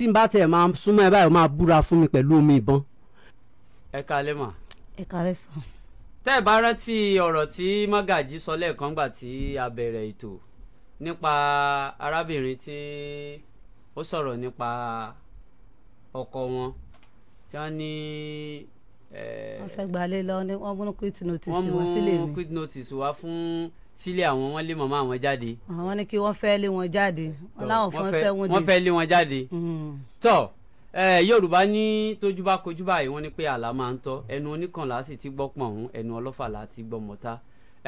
tí n bá tẹ̀ máa súnmọ́ ẹ báyìí máa búra fún mi pẹ̀lú omi ìbọn. ẹ kalẹ́ mà. ẹ kalẹ́ sàn. tẹ́ ẹ bá rántí ọ̀rọ̀ tí Magaji sọ lẹ́ẹ̀kan gbà tí a bẹ̀rẹ̀ ètò nípa arábìnrin tí ó sọ̀rọ̀ nípa ọkọ wọn tí wọ́n ní. wọ́n fẹ́ gbalẹ̀ lọ wọ́n mú quit notice wá sílé mi. wọ́n mú quit notice wá fún sílé àwọn wọn lé màmá àwọn jáde. àwọn ah, ní kí wọ́n fẹ́ lé wọn jáde wọn láwọn fọ́n sẹ́wọ́n dé. wọ́n fẹ́ lé wọn jáde. Hmm. tọ́ yorùbá ní tójú bá kojú báyìí wọ́n ní pé àlá máa ń tọ́ ẹnu oníkànlá sì ti gbọ́ pọ̀ ọ̀hún ẹnu ọlọ́fà là ti gbọ́ mọ́ta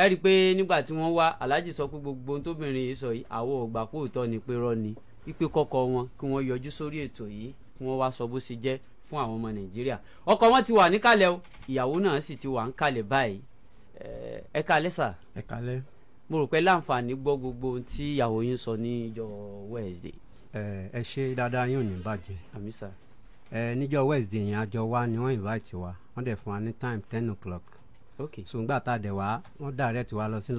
ẹ rí i pé nígbà tí wọ́n wá aláàjì sọ pé gbogbo ohun tóbìnrin yìí sọ yìí àwọn ò gbà kóòtọ́ ni pé rọ́ ni wípé kọ́kọ́ wọn kí wọ́n yọjú sórí ètò yìí kí wọ́n wá sọ bó ṣe jẹ́ fún àwọn ọmọ nàìjíríà ọkọ wọn ti wà níkàlẹ̀ o ìyàwó náà sì ti wà níkàlẹ̀ báyìí ẹ ẹ kálẹ́ sà. ẹ kálẹ́ mo rò pé láǹfààní gbọ́ gbogbo ohun tí ìyàwó yín sọ ní ìjọ Wednesday. ẹ ẹ ṣe dáadáa yóò ní bàjẹ́. àmín sà. ẹ níjọ Wednesday yẹn àjọ wa ni wọ́n invite wa wọ́n dẹ̀ fún wa ní time ten o'clock okay so ngbà wa, a direct wa lọ sí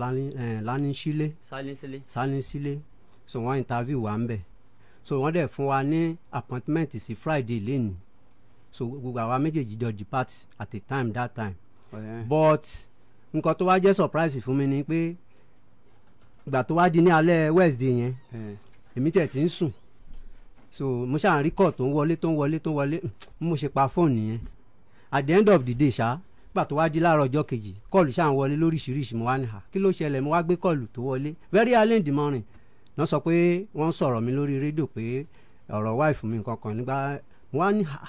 laninsile salinsile salinsile so wọ́n interview wa ń bẹ̀ so wọ́n dẹ̀ fún wa ní appointment sí friday lẹ́nu so gbogbo àwa méjèèjì jọ depart at a time that time oh, yeah. but nǹkan tó wá jẹ́ surprise fún mi ni pé ìgbà tó wá di ní alẹ́ Wednesday yẹn èmi tẹ̀ ti ń sùn so mo ṣáà ń rí kọ́ tó ń wọlé tó ń wọlé tó ń wọlé mo ṣe pa fóònù yẹn at the end of the day ṣá gbà tó wá di láàárọ̀ ọjọ́ kejì kọ́ọ̀lù ṣáà ń wọlé lóríṣiríṣi mo wá ní ha kí ló ṣẹlẹ̀ mo wá gbé kọ́ọ̀lù tó wọlé very early in the morning náà sọ pé wọ́n ń sọ̀rọ̀ mi lórí rédíò pé ọ̀rọ̀ wáìfù mi nǹkan kan nígbà mo wá ní ha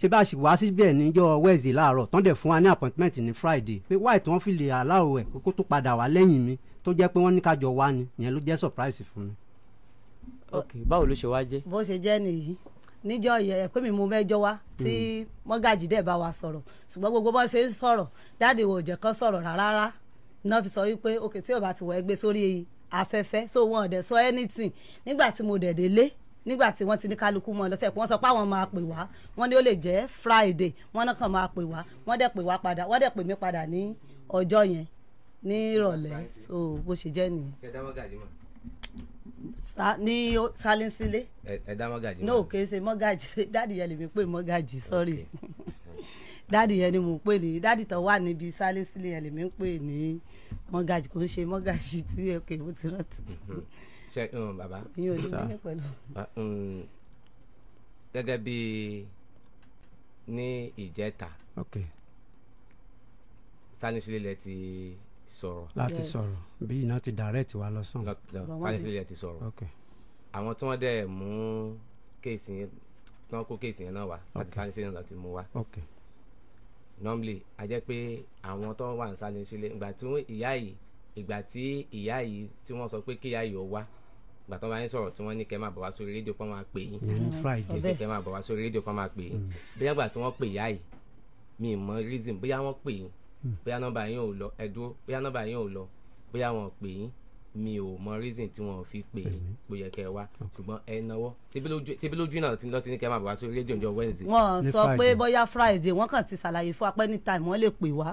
ṣé bá ṣe wá síbẹ̀ níjọ́ Wednesday láàárọ̀ tán fún wa ní appointment ní Friday pé wáì tí wọ́n fi lè aláwọ̀ ẹ̀ kó tó padà wá lẹ́yìn mi tó jẹ́ pé wọ́n ní kájọ wá ni yẹn ló jẹ́ surprise fún mi. ok báwo ló ṣe wá jẹ́. bó ṣe jẹ́ nìyí níjọ́ yẹ pé mi mú mẹ́jọ wá tí hmm. mọ́gàjì dẹ̀ bá wa sọ̀rọ̀ ṣùgbọ́n gbogbo bó ṣe ń sọ̀rọ̀ dáàdì wò jẹ́ kán sọ̀rọ̀ rárá náà fi sọ wípé òkè tí ò bá ti wọ̀ ẹ́ sórí afẹ́fẹ́ so wọn ò dẹ̀ sọ anything nígbà tí mo dẹ̀ délé nígbà tí wọ́n ti ní kálukú mọ́ lọ́sẹ̀ pé wọ́n sọ pé àwọn máa pè wá wọ́n ní ó lè jẹ́ Friday wọ́n náà kàn máa pè wá wọ́n dẹ̀ pè wá padà wọ́n dẹ̀ pè mí padà ní ọjọ́ yẹn ní ìrọ̀lẹ́ so bó ṣe jẹ́ nìyẹn. kẹ dá mọ́gàjì mọ̀. ní salinsile. ẹ dá mọ́gàjì mọ̀. no kì í ṣe mọ́gàjì dáàdì yẹn lèmi pè mọ́gàjì sorry dáàdì yẹn ni mò ń pè ní dáàdì tó wà níbi salinsile yẹn lèmi ń pè ní mọ́gàjì kò ń ṣe mọ́gàjì tí ok mo ti rántí. ṣe um, bàbá um, gẹ́gẹ́ bí ní ìjẹta salinsile lẹ ti. Okay sọ̀rọ̀. láti sọ̀rọ̀ bí iná ti direct wa lọ sàn. sáyẹnsì ti sọ̀rọ̀ àwọn tí wọ́n dẹ̀ mú kéèsì yẹn tán kó kéèsì yẹn náà wá láti sáyẹnsì náà ti mú wá. normally a jẹ́ pé àwọn tó wà ní sáyẹnsì lé ìgbà tí ìyá yìí ìgbà tí ìyá yìí tí wọ́n sọ pé kíyà yìí ó wá ìgbà tó bá yín sọ̀rọ̀ tí wọ́n ní kẹ́ máa bọ̀ wá sórí rédíò kan máa pè yín kẹ́ máa bọ̀ wá sórí rédíò kan máa pè yín mm. bí wọ́n tí wọ́n pè ìyá yìí mi ì mọ reason bóyá wọ́n pè yín bóyá nọ́mbà yín ò lọ ẹ dúró bóyá nọ́mbà yín ò lọ bóyá wọn ò pè yín mi ò mọ reason tí wọn ò fi pè yín bó yẹ kẹ wá ṣùgbọ́n ẹ náwó tẹbí lójú náà lọ ti ní kẹ máa bọ̀ wá sórí rédíò ọjọ́ Wednesday. wọ́n sọ pé bóyá Friday wọ́n kàn ti ṣàlàyé fún apẹ ní time wọ́n lè pè wá.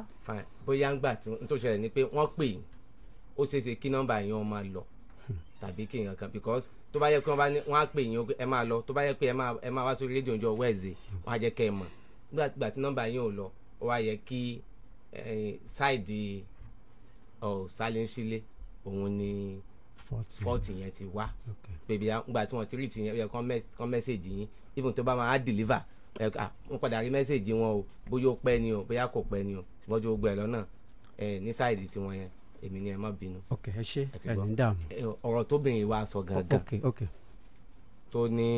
bóyá ń gbà tí n tó ṣẹlẹ̀ ni pé wọ́n pè yín ó ṣeé ṣe kí nọ́mbà yín ọ máa lọ tàbí kí nǹkan kan because tó bá yẹ pé wọ́n á pè yín ẹ máa lọ tó bá yẹ pé ẹ máa wá sórí rédíò ọjọ́ Wednesday wọ́n á jẹ́ kẹ́ ẹ mọ̀ nígbà tí nọ́mbà yín ò lọ ó wá yẹ kí ṣáìdì eh, ṣálẹ́ńṣílẹ̀ oh, òun ni fọ́ọ̀tì yẹn ti wá bèbí ìgbà tí wọ́n ti rí tìyẹn yẹ kán mẹ́sẹ̀gì yín even tó bá máa deliver ẹ à ah, wọ́n padà rí mẹ́sẹ̀gì wọn o bóyá ó pẹ́ ni o bóyá kò pẹ́ ni o ṣùgbọ́n ju gbogbo ẹ̀ lọ́nà ẹ ní ṣáìdì tiwọn yẹn èmi ni ẹ má bínú. ok ẹ ṣe ẹ ní dààmú. Eh, ọ̀rọ̀ tóbìnrin wa sọ gangan tó ní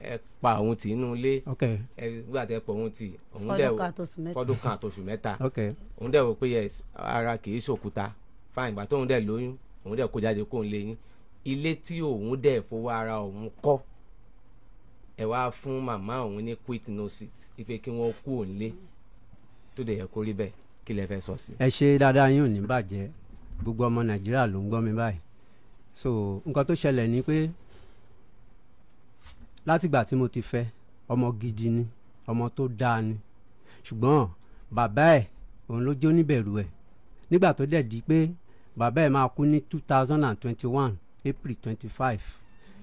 ẹ pa òun tì inú ilé ẹ gbà tẹ pọ òun tì òun dẹ fọdún kan àtòṣù mẹ́ta òun dẹ wò pé yẹ ara kì í ṣòkúta fáìn ìgbà tóun dẹ lóyún òun dẹ kó jáde kóun lé yín ilé tí òun dẹ fowó ara òun kọ́ ẹ wá fún màmá òun ní quit nosit kí wọ́n kú òun lé tó dẹ̀ yẹ kó rí bẹ́ẹ̀ kí lẹ fẹ́ sọ sí. ẹ ṣe dáadáa yín ò ní bàjẹ́ gbogbo ọmọ nàìjíríà ló ń gbọ́ mi báyìí so nǹkan tó ṣẹlẹ̀ ni pé látìgbà tí mo ti fẹ́ ọmọ gidi ni ọmọ tó dáa ni ṣùgbọ́n bàbá ẹ̀ òun ló jó níbẹ̀rù ẹ̀ nígbà tó dẹ̀ di pé bàbá ẹ̀ máa kú ní two thousand and twenty one april twenty five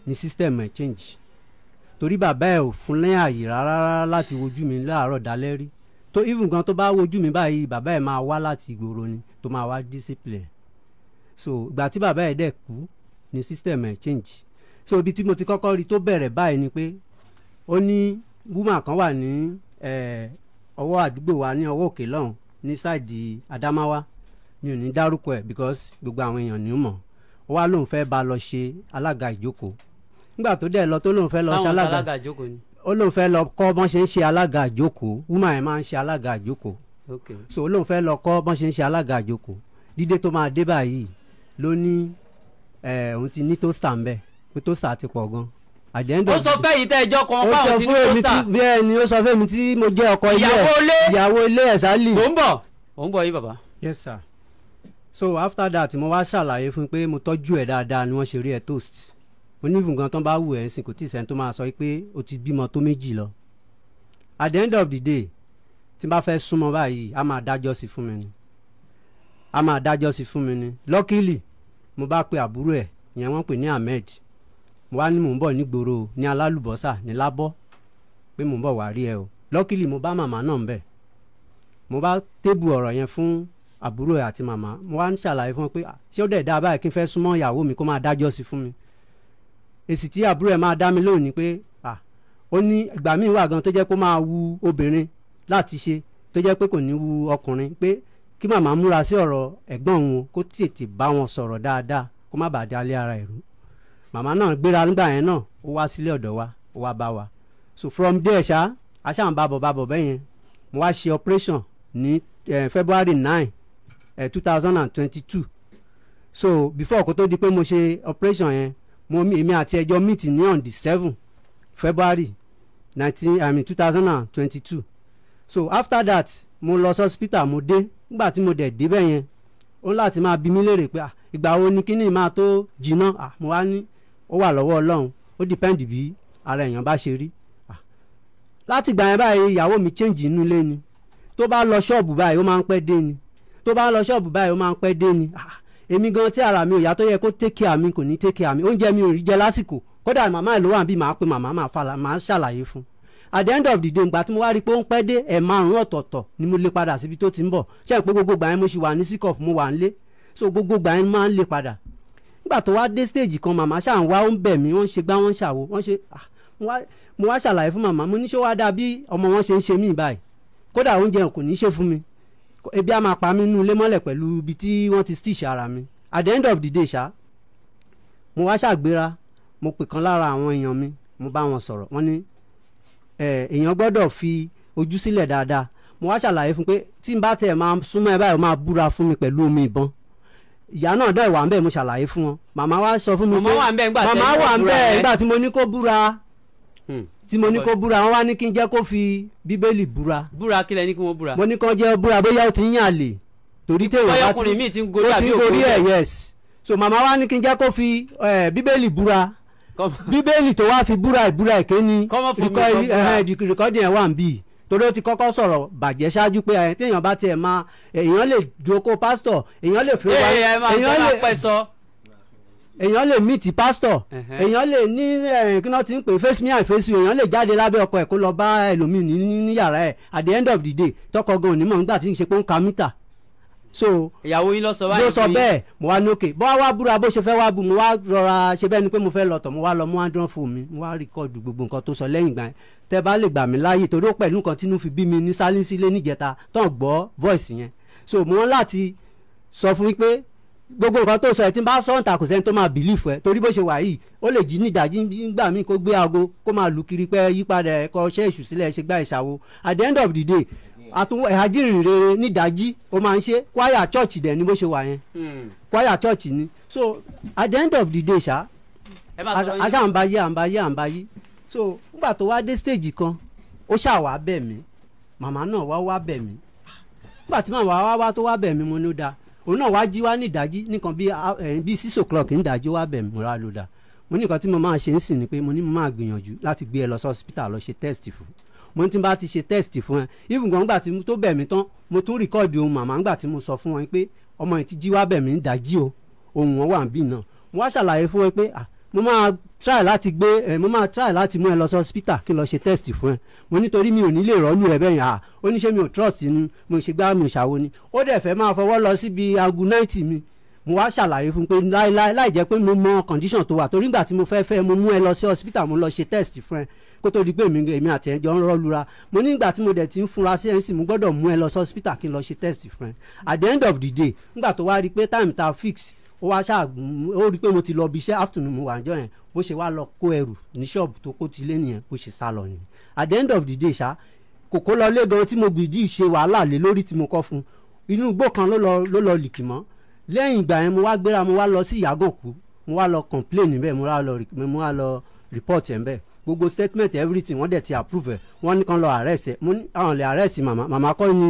ni system ẹ̀ change torí bàbá ẹ̀ ò fún lẹ́yìn àyè rárá láti wojú mi láàárọ̀ dalẹ́ rí tó even gan tó bá wojú mi báyìí bàbá ẹ̀ máa wá láti ìgboro ni tó máa wá discipline so ìgbà tí bàbá ẹ̀ dẹ̀ kú ní sísítẹ̀mù change so ibi tí mo ti kọ́kọ́ rí tó bẹ̀rẹ̀ báyìí ni pé ó ní woman kan wà ní ọwọ́ àdúgbò wa ní ọwọ́ òkè lọ́hùn ní sáìdì Adamawa mi ò ní dárúkọ ẹ̀ because gbogbo àwọn èèyàn ni ó mọ̀ ó wá lóun fẹ́ bá lọ ṣe alága ìjókòó nígbà tó dẹ̀ lọ tó lóun fẹ́ lọ ṣe alága ó lóun fẹ́ lọ kọ́ bọ́n ṣe ń ṣe alága ìjókòó woman yẹn máa ń ṣe alága ìjókòó so ó lóun fẹ́ lọ kọ́ bọ́n ṣe ń ṣe alága ìjókòó dídé tó máa dé báyìí ló ní òun ti ní tó stamp bẹ́ẹ̀ pé tó sà ti pọ̀ gan ó sọ fẹ́ yìí tẹ́ ẹjọ́ kan fáwọn tí ní tó sà bẹ́ẹ̀ ni ó sọ fẹ́ mi tí mo jẹ́ ọkọ ilé ẹ̀ ìyàwó ilé ẹ̀ sálì. mò ń bọ̀ mò ń bọ̀ yìí bàbá. yes sir so after that mo wá ṣàlàyé fún pé mo tọ́jú ẹ̀ dáadáa ni wọ́n ṣe rí ẹ̀ toast mo ní ìfúngan tán bá wù ẹ̀ sìn kò tí ì sẹ́ni tó máa sọ pé o ti bímọ tó méjì lọ at the end of the day tí n bá fẹ́ súnmọ́ báyìí a máa dájọ́ sí fún mi ni a máa dájọ́ sí fún mi ni luckily mo bá pe àbúrò ẹ̀ ìyẹn wọ́n pè ní Ahmed mo wá ní mò ń bọ̀ nígboro ní alálùbọ́sà ní lábọ́ pé mò ń bọ̀ wá rí ẹ o lọ́kìlì mo bá màmá náà ń bẹ̀ mo bá tébù ọ̀rọ̀ yẹn fún àbúrò ẹ̀ àti màmá mo wá ń ṣàlàyé fún wọn pé ṣé ó dẹ̀ dá báyìí kí n fẹ́ súnmọ́ ìyàwó mi kó máa dájọ́ sí fún mi èsì tí àbúrò ẹ̀ máa dá mi lónìí pé ó ní ìgbà míì wà gan tó jẹ́ kó máa wu obìnrin láti ṣe tó jẹ́ pé kò ní wu ọkùnrin pé kí màmá múra sí ọ̀rọ̀ ẹ̀gbọ́n òun kó tètè bá wọn sọ̀rọ̀ dáadáa kó má bàa dá ara ẹ̀rú màmá náà gbéra nígbà yẹn náà ó wá sílé ọ̀dọ̀ wa ó wá bá wa so from there ṣá a ṣáà ń bàbọ̀ bàbọ̀ bẹ́ẹ̀ mo wá ṣe operation ní eh, February nine eh, two thousand and twenty-two so before kó tó di pé mo ṣe operation yẹn mo èmi àti ẹjọ́ meet ní on the seven February nineteen I mean two thousand and twenty-two so after that mo lọ hospital mo dé nígbà tí mo dẹ̀ débẹ̀ yẹn ó láti máa bi mí léèrè pé ìgbà wo ni kíní máa tó jìnnà mo wá ní ó wà lọ́wọ́ ọlọ́run ó dìpẹ́ǹdì bí ara èèyàn bá ṣe rí ah, láti gbà yẹn báyìí ìyàwó mi change inú ilé ni tó bá lọ ṣọ́ọ̀bù báyìí ó máa ń pẹ́ dé ni tó bá lọ ṣọ́ọ̀bù báyìí ó máa ń pẹ́ dé ni ah, èmi gan tí ara mi ò yá tó yẹ kó take care mi kò ní take care mi oúnjẹ mi ò rí jẹ lásìkò kódà màmá ẹ̀ ló wà bí màá pe màmá màá ṣàlàyé fún at the end of the day ìgbà tí mo wá rí i pé ó ń pẹ́ dé ẹ̀ márùn-ún ọ̀tọ̀ọ̀tọ̀ ni mo lè padà síbi tó ti ń bọ̀ ṣe é gbogbo gbà yẹn mo ṣì wà ní sikọ̀f mo wà ń lé so gbogbo gbà yẹn máa ń lè padà nígbà tó wá dé stage kan màmá ṣáà ń wá ó ń bẹ̀ mí wọ́n ń ṣe gbá wọ́n ń ṣàwo wọ́n ṣe ah, mo wá ṣàlàyé fún màmá mo ní ṣé wá dáa bí ọmọ wọn ṣe ń ṣe mí báyìí kódà oúnjẹ kò ní ṣe fún mi ebi a máa pa mí nú ilé mọ́lẹ̀ pẹ̀lú ibi tí wọ́n ti stitch ara mi at the end of the day ṣá mo wá ṣàgbéra mo pè kan lára àwọn èèyàn mi mo bá wọn sọ̀rọ̀ wọ́n ní èèyàn gbọ́dọ̀ fi ojú sílẹ̀ dáadáa mo wá ṣàlàyé fún pé tí n bá tẹ̀ máa súnmọ́ ẹ báyìí máa búra fún mi pẹ̀lú omi ìbọn ìyá náà dá ìwà ńbẹ mo ṣàlàyé fún wọn màmá wa sọ fún mi pé màmá wà ńbẹ nígbà tí mo ní kó búra hmm. tí mo ní kó búra wọn wá ní kí n jẹ́ kó fi bíbélì búra. búra kílẹ̀ ní kí wọ́n búra. mo ní kó jẹ́ búra bóyá ó ti ń yàn àlè torí téèyàn bá ti ó ti ń gorí ẹ̀ yes so màmá wa ní kí n jẹ́ kó fi bíbélì búra bíbélì tó wá fi búra ìbúra èké rìkọ́dì ẹ̀ wà ń bì torí ó ti kọ́kọ́ sọ̀rọ̀ bàjẹ́ ṣáájú pé ẹ téèyàn bá tiẹ̀ máa èèyàn lè jókòó pásítọ̀ èèyàn lè fi wá èèyàn lè èèyàn lè meet pásítọ̀ èèyàn lè ní kí wọ́n ti ń pè face me and face you èèyàn lè jáde lábẹ́ ọkọ̀ ẹ̀ kó lọ bá ẹlòmíì ní yàrá ẹ̀ at the end of the day tọkọ gan onímọ̀ nígbà tí ń ṣe pé ń ka mítà so ìyàwó yín lọ sọ báyìí ló sọ bẹ́ẹ̀ mo wá ní òkè bọ́ wá búra bó ṣe fẹ́ wá bu mo wá rọra ṣe bẹ́ẹ̀ ni pé mo fẹ́ lọ tọ̀ mo wá lọ mú andron fún mi mo wá rìkọ́dù gbogbo nǹkan tó sọ lẹ́yìn ìgbà yẹn tẹ́ bá lè gbà mí láàyè torí ó pẹ̀lú nǹkan tínú fi bí mi ní sálínsí lé níjẹta tán gbọ́ voice yẹn so mo wọ́n láti sọ fún mi pé gbogbo nǹkan tó sọ ẹ tí n bá sọ ǹta kò sẹ́ni tó máa bìlífù ẹ torí bó ṣe wà yìí ó lè jí ní ìdájí nígbà míì kó gbé aago kó máa lù kiri pé yípadà ẹ̀kọ́ ṣẹ́ẹ̀ṣù sílẹ̀ ṣe gbá ìṣàwo at the end of the day àtún ẹ̀hájìrìn rere nídàájí ó máa ń ṣe kwaya church dẹ̀ ni bó ṣe wà yẹn hmm. kwaya church ni so at the end of the day ṣá aṣá à ń bá yí à yí à yí so nígbà tó wá dé stage kan ó ṣáà wá bẹ̀ mí màmá náà wá wá bẹ̀ mí nígbà tí màmá wá wá tó wá bẹ̀ mí mo ní ó dáa òun náà wá jí wá nídàájí nìkan bíi six o'clock nídàájí wá bẹ̀ mí mo rà ló dáa mo ní nǹkan tí mo máa ṣe ń sìn ni pé mo ní mo máa gbìyànjú láti gbé ẹ lọ sí hospital lọ ṣe test fún un mo ti bá ti ṣe test fún ẹ even gan gbà tí mo tó bẹ̀ mí tán mo tún rìkọ́ọ̀dì ohun màmá gbà tí mo sọ fún wọn pé ọmọ yìí ti jí wá bẹ̀ mí ń dájí o ohun wọn wà ń bì náà mo wá ṣàlàyé fún ẹ pé ah mo máa try láti gbé ẹ mo máa try láti mú ẹ lọ sí hospital kí n lọ ṣe test fún ẹ mo nítorí mi ò ní lè rọ́ọ̀lù ẹ bẹ́ẹ̀ yẹn à ó ní ṣé mi ò trust inú mo ṣe gbá mi ò ṣàwo ni ó dẹ̀ fẹ́ máa fọwọ́ lọ síbi aago náìtì mi mo wá ṣàlàyé fún pé láìláì láì jẹ́ pé mo mọ condition tó wà torí ìgbà tí mo fẹ́ fẹ́ mo mú ẹ lọ sí hospital mo lọ ṣe test fún ẹ kó tó di pé èmi èmi àti ẹ̀jọ̀ ń rọ́lura mo nígbà tí mo dẹ̀ ti ń funra sí ẹ̀sìn mo gbọ́dọ̀ mú ẹ lọ sí hospital kí n lọ ṣe test fún ẹ at the end of the day nígbà tó wá rí i pé time ta fix ó wá ṣáà ó rí i pé mo ti lọ bí iṣẹ́ afternoon mo wà ń jọ yẹn bó ṣe wá lọ kó ẹrù ní ṣọ́ọ̀bù tó kó ti lé nìyẹn bó ṣe sá lọ yẹn at the end of the day ṣá kòkó lọ lé gan tí mo gbìdí ṣe wàhálà lé lórí tí mo kọ́ fún inú igbó kan ló lọ ló lọ lìkì mọ́ lẹ́yìn ìgbà yẹn mo wá gbéra mo wá lọ sí ìyàgànkú mo wá lọ complain níbẹ̀ mo wá lọ report yẹn bẹ́ẹ̀ gbogbo statement everything wọ́n dẹ̀ ti approve ẹ̀ wọ́n ní kàn lọ arrest ẹ̀ mo ní àwọn lè arrest màmá màmá kọ́ ni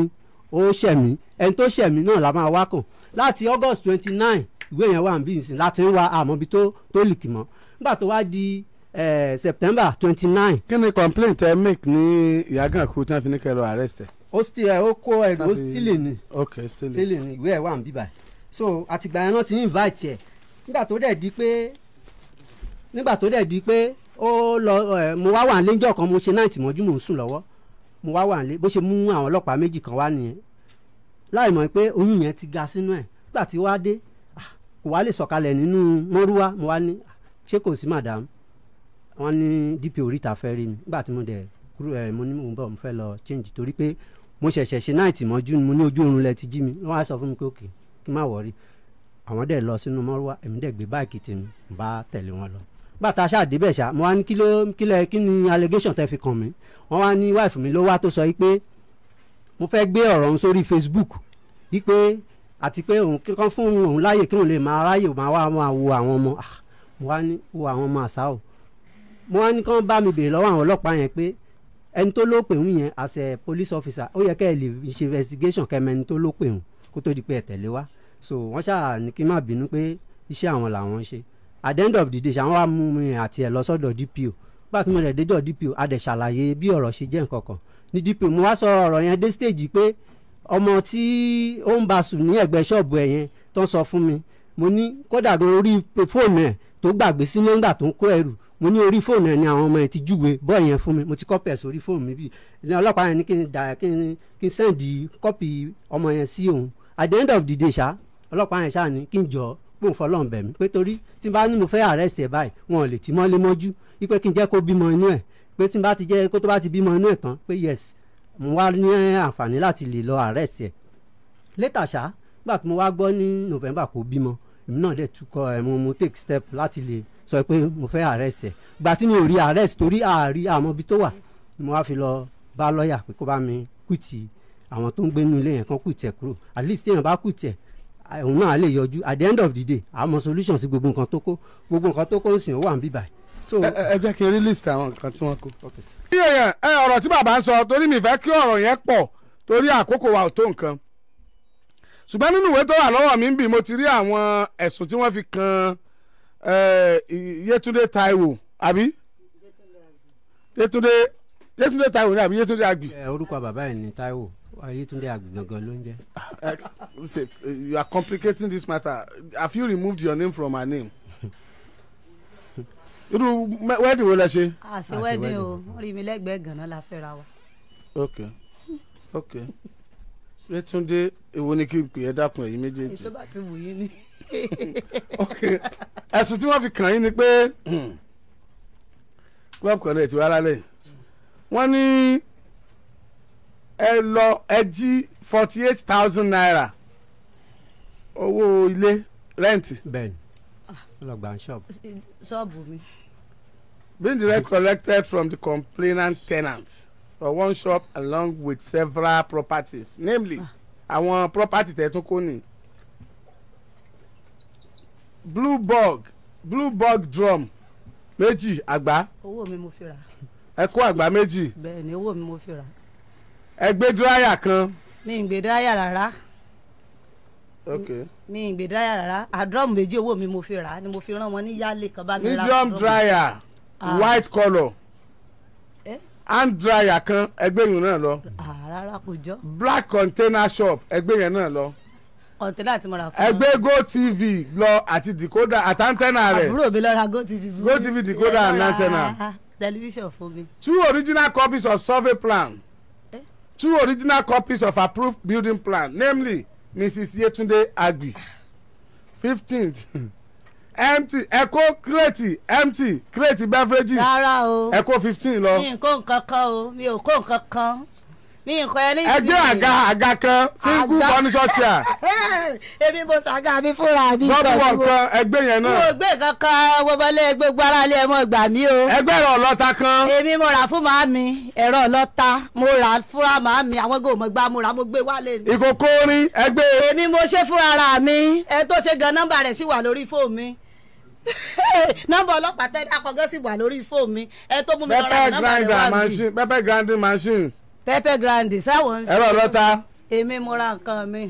ó ṣẹ̀mí ẹni tó ṣẹ̀mí náà la máa wá kàn láti August twenty nine ìwé yẹn wà ń bí nsìn láti ń wa àmọ́bi tó tó lìkì mọ́ nígbà tó wá di eh, September twenty nine. kí ni complaint ẹ make ní ìyàgànkú tí wọ́n fi ní kẹ́ lọ arrest ẹ̀. ó sì ẹ eh, ó kó ẹrù ó sì lè ní sì lè ní ìwé ẹ wà ń bí báyìí so àtìgbà yẹn náà ti invite ẹ nígbà tó dẹ̀ di pé nígbà tó dẹ̀ di pé ó lọ ẹ mo wá wà nílé ńjọ́ kan mo ṣe náà ìtìmọ́jú mò ń sùn lọ́wọ́ mo wá wà nílé bó ṣe mú àwọn ọlọ́pàá méjì kan wá nìyẹn láì mọ̀ pé oyún yẹn ti ga sínú ẹ̀ nígbà tí wá dé kò wá lè sọ̀kalẹ̀ nínú mọ́rúwá mo wá ní ṣé kò sí madam wọ́n ní dp oríta fẹ́ rí mi nígbà tí mo dẹ̀ kúrò ẹ̀ mo ní mo bọ̀ mo fẹ́ lọ change torí pé mo ṣẹ̀ṣẹ̀ ṣe náà ìtìmọ́jú mo ní ojú oorun lẹ ti jí mi wọ́n á sọ fún mi pé òkè kí n má wọ̀rí àwọn dẹ̀ lọ sínú mọ́rúwá èmi dẹ̀ gbé báàkì tèmi bá tẹ̀lé wọn lọ bàtà ṣàdébẹ̀ ṣá mo wá ní kí ló kí lẹ kí ni allegation tẹ fi kàn mí wọ́n wá ní wáìfù mi ló wá tó sọ yìí pé mo fẹ́ gbé ọ̀rọ̀ òun sórí Facebook yìí pé àti pé òun kíkan fún òun láàyè kí òun lè máa ráyè máa wá máa wo àwọn ọmọ ah, mo wá ní wo àwọn ọmọ àṣà o mo wá ní kí wọ́n bá mi béèrè lọ́wọ́ àwọn ọlọ́pàá yẹn pé ẹni tó ló pè ń yẹn as a police officer ó yẹ kẹ́ ẹ lè ṣe investigation kẹ́mẹ́ ẹni tó ló pè ń kó tó di pé ẹ tẹ̀lé wa so wọ́n ṣáà ní kí n má bínú pé iṣẹ́ àwọn làwọn ń ṣe at the end of the day ṣe àwọn wa mú mi àti ẹ̀ lọ sọ́dọ̀ DPO bá a ti mọ̀ ẹ̀ déjọ́ DPO a dẹ̀ ṣàlàyé bí ọ̀rọ̀ ṣe jẹ́ nǹkan kan ní DPO mo wá sọ ọ̀rọ̀ yẹn dé stage pé ọmọ tí ó ń bá sùn ní ẹ̀gbẹ́ ṣọ́ọ̀bù ẹ̀ yẹn tó ń sọ fún mi mo ní kódà gan orí fóònù ẹ̀ tó gbàgbé sílé ńgbà tó ń kó ẹrù mo ní orí fóònù ẹ̀ ni àwọn ọmọ ẹ̀ ti júwe bọ́ọ̀ yẹn fún mi mo ti kọ́pì ẹ̀ sórí fóònù mi bíi ní ọlọ́pàá yẹn ní kí n dà kí n kí n sẹ́ǹdì kọ́pì ọmọ yẹn sí òun at the end of the day ṣá ọlọ́pàá yẹn ṣá ni kí n jọ mo fọlọ́n bẹ̀ mí pé torí tí n bá ní mo fẹ́ àrẹ́sì ẹ̀ báyìí wọn ò lè ti mọ́lé mọ́jú wípé kí n jẹ́ kó bímọ inú ẹ̀ pé tí n bá ti jẹ́ kó tó bá ti bímọ inú ẹ̀ tán pé yes mo wá ní àǹfààní láti lè lọ àrẹ́sì ẹ̀ létà ṣá nígbà tí mo wá gbọ́ ní November kó bímọ èmi náà dẹ̀ túkọ̀ ẹ̀ mo mo take step láti lè sọ pé mo fẹ́ àrẹ́sì ẹ̀ gbà tí mi ò rí àrẹ́sì torí àárí àmọ́ ibi tó wà mo wá fi lọ bá lọ́ọ̀yà pé kó bá mi kùtì àwọn tó ń gbénu ilé yẹn kan kùtì ẹ̀ kúrò at least téèyàn bá kùtì ẹ̀ òun náà lè yọjú at the end of the day àmọ́ solution sí gbogbo nǹkan tó kó gbogbo nǹkan tó kó ń sìn ó wà ń bíbà so. ẹ jẹ́ kí n rí list àwọn nǹkan tí wọ́n kó. bí èèyàn ẹ ọ̀rọ̀ tí bàbá ń sọ torí mi fẹ́ kí ọ̀rọ̀ yẹn pọ̀ torí àkókò wa ò tó nǹkan ṣùgbọ́n nínú ìwé tó wà lọ́wọ́ mi ń bì mo ti rí àwọn ẹ̀sùn tí wọ́n fi kan Yétúndé Táíwò àbí Yétúndé Yétúndé Táíwò ni àbí Yétúndé Àgbì. orúkọ bàbá ẹ̀ ní Táíwò. Ayetunde Agugangan ló ń jẹ́. Eh, you are complicating this matter have you removed your name from her name. irú wedding wo lẹ ṣe. a ṣe wedding o orí mi lẹ́gbẹ̀ẹ́ ganan la fẹ́ ra wa. ok ok Yétúndé èwo ni kí n pè é dákun ẹ̀yin méjèèjì. ètò bá ti wù yín ni. ok ẹ̀sùn tí wọ́n fi kàn yín ni pé club connect wà lálẹ́ wọ́n ní ẹ lọ ẹ jí forty eight thousand naira owó ilé rẹ́ǹtì. bẹ́ẹ̀ni lọ gba n ṣọ́ọ̀bù. ṣọ́ọ̀bù mi. being direct collected from the complainant tenant for one shop along with several properties namely ah. àwọn ah. property tẹ̀tún Blue bug, blue bug drum méjì àgbá. owó mi mo fi rà. ẹ kó àgbá méjì. bẹ́ẹ̀ni owó mi mo fi rà ẹ gbé dúráyà kan. mi ì gbé dúráyà rárá. ok mi ì gbé dúráyà rárá àdúrọ̀mù méjì owó mi mo fi rà á ni mo fi rán wọn ní yálé kan bá mi ra. medium dryer ah. white colour eh? hand dryer kan ẹgbẹ́ yìí náà lọ. Ah, rárá kò jọ. black container shop ẹgbẹ́ yẹn náà lọ kọ̀ǹtẹ́nà tí mo rà fún un. ẹgbẹ́ gotv lọ àti decoder àti antenna rẹ̀. àbúrò mi lọ ra gotv fún mi. gotv decoder and antenna. tẹlifíṣàn fún mi. two original copies of survey plan two original copies of approved building plan namely mrs yetunde agbi fifteenth empty ẹ̀kọ́ kírètì empty kírètì beverages rárá o ẹ̀kọ́ fifteen lọ. mi ò kó o mi ò kó nǹkan ní nǹkan ẹni sí. ẹgbẹ́ àga àga kan single furniture chair. èmi mo ṣàga mi fúnra mi. bọ́ọ̀bù ọ̀kan ẹgbẹ́ yẹn náà. mo gbé kankan wọbọlé gbogbo ara ẹ mọ ìgbà mi o. ẹgbẹ́ ẹ̀rọ ọlọ́ta kan. èmi mo rà fún màámi ẹ̀rọ ọlọ́ta mo rà fúnra màámi àwọn ẹgbẹ́ òmùgbà mo rà mo gbé wálé ni. ìkòkò orin ẹgbẹ́. èmi mo ṣe fúnra ara mi ẹ tó ṣe gan nọ́mbà rẹ̀ sì wà lórí fóònù mi nọ́mbà ọlọ́pàá tẹ akọgán sì wà lórí fóònù mi ẹ tó mú mi lọ ra nọ́mbà rẹ̀ wà mí. pẹpẹ grinding machines pẹpẹ grandi sáwọn ń sọ. ẹ lọ lọ ta. èmi mo ra nǹkan mi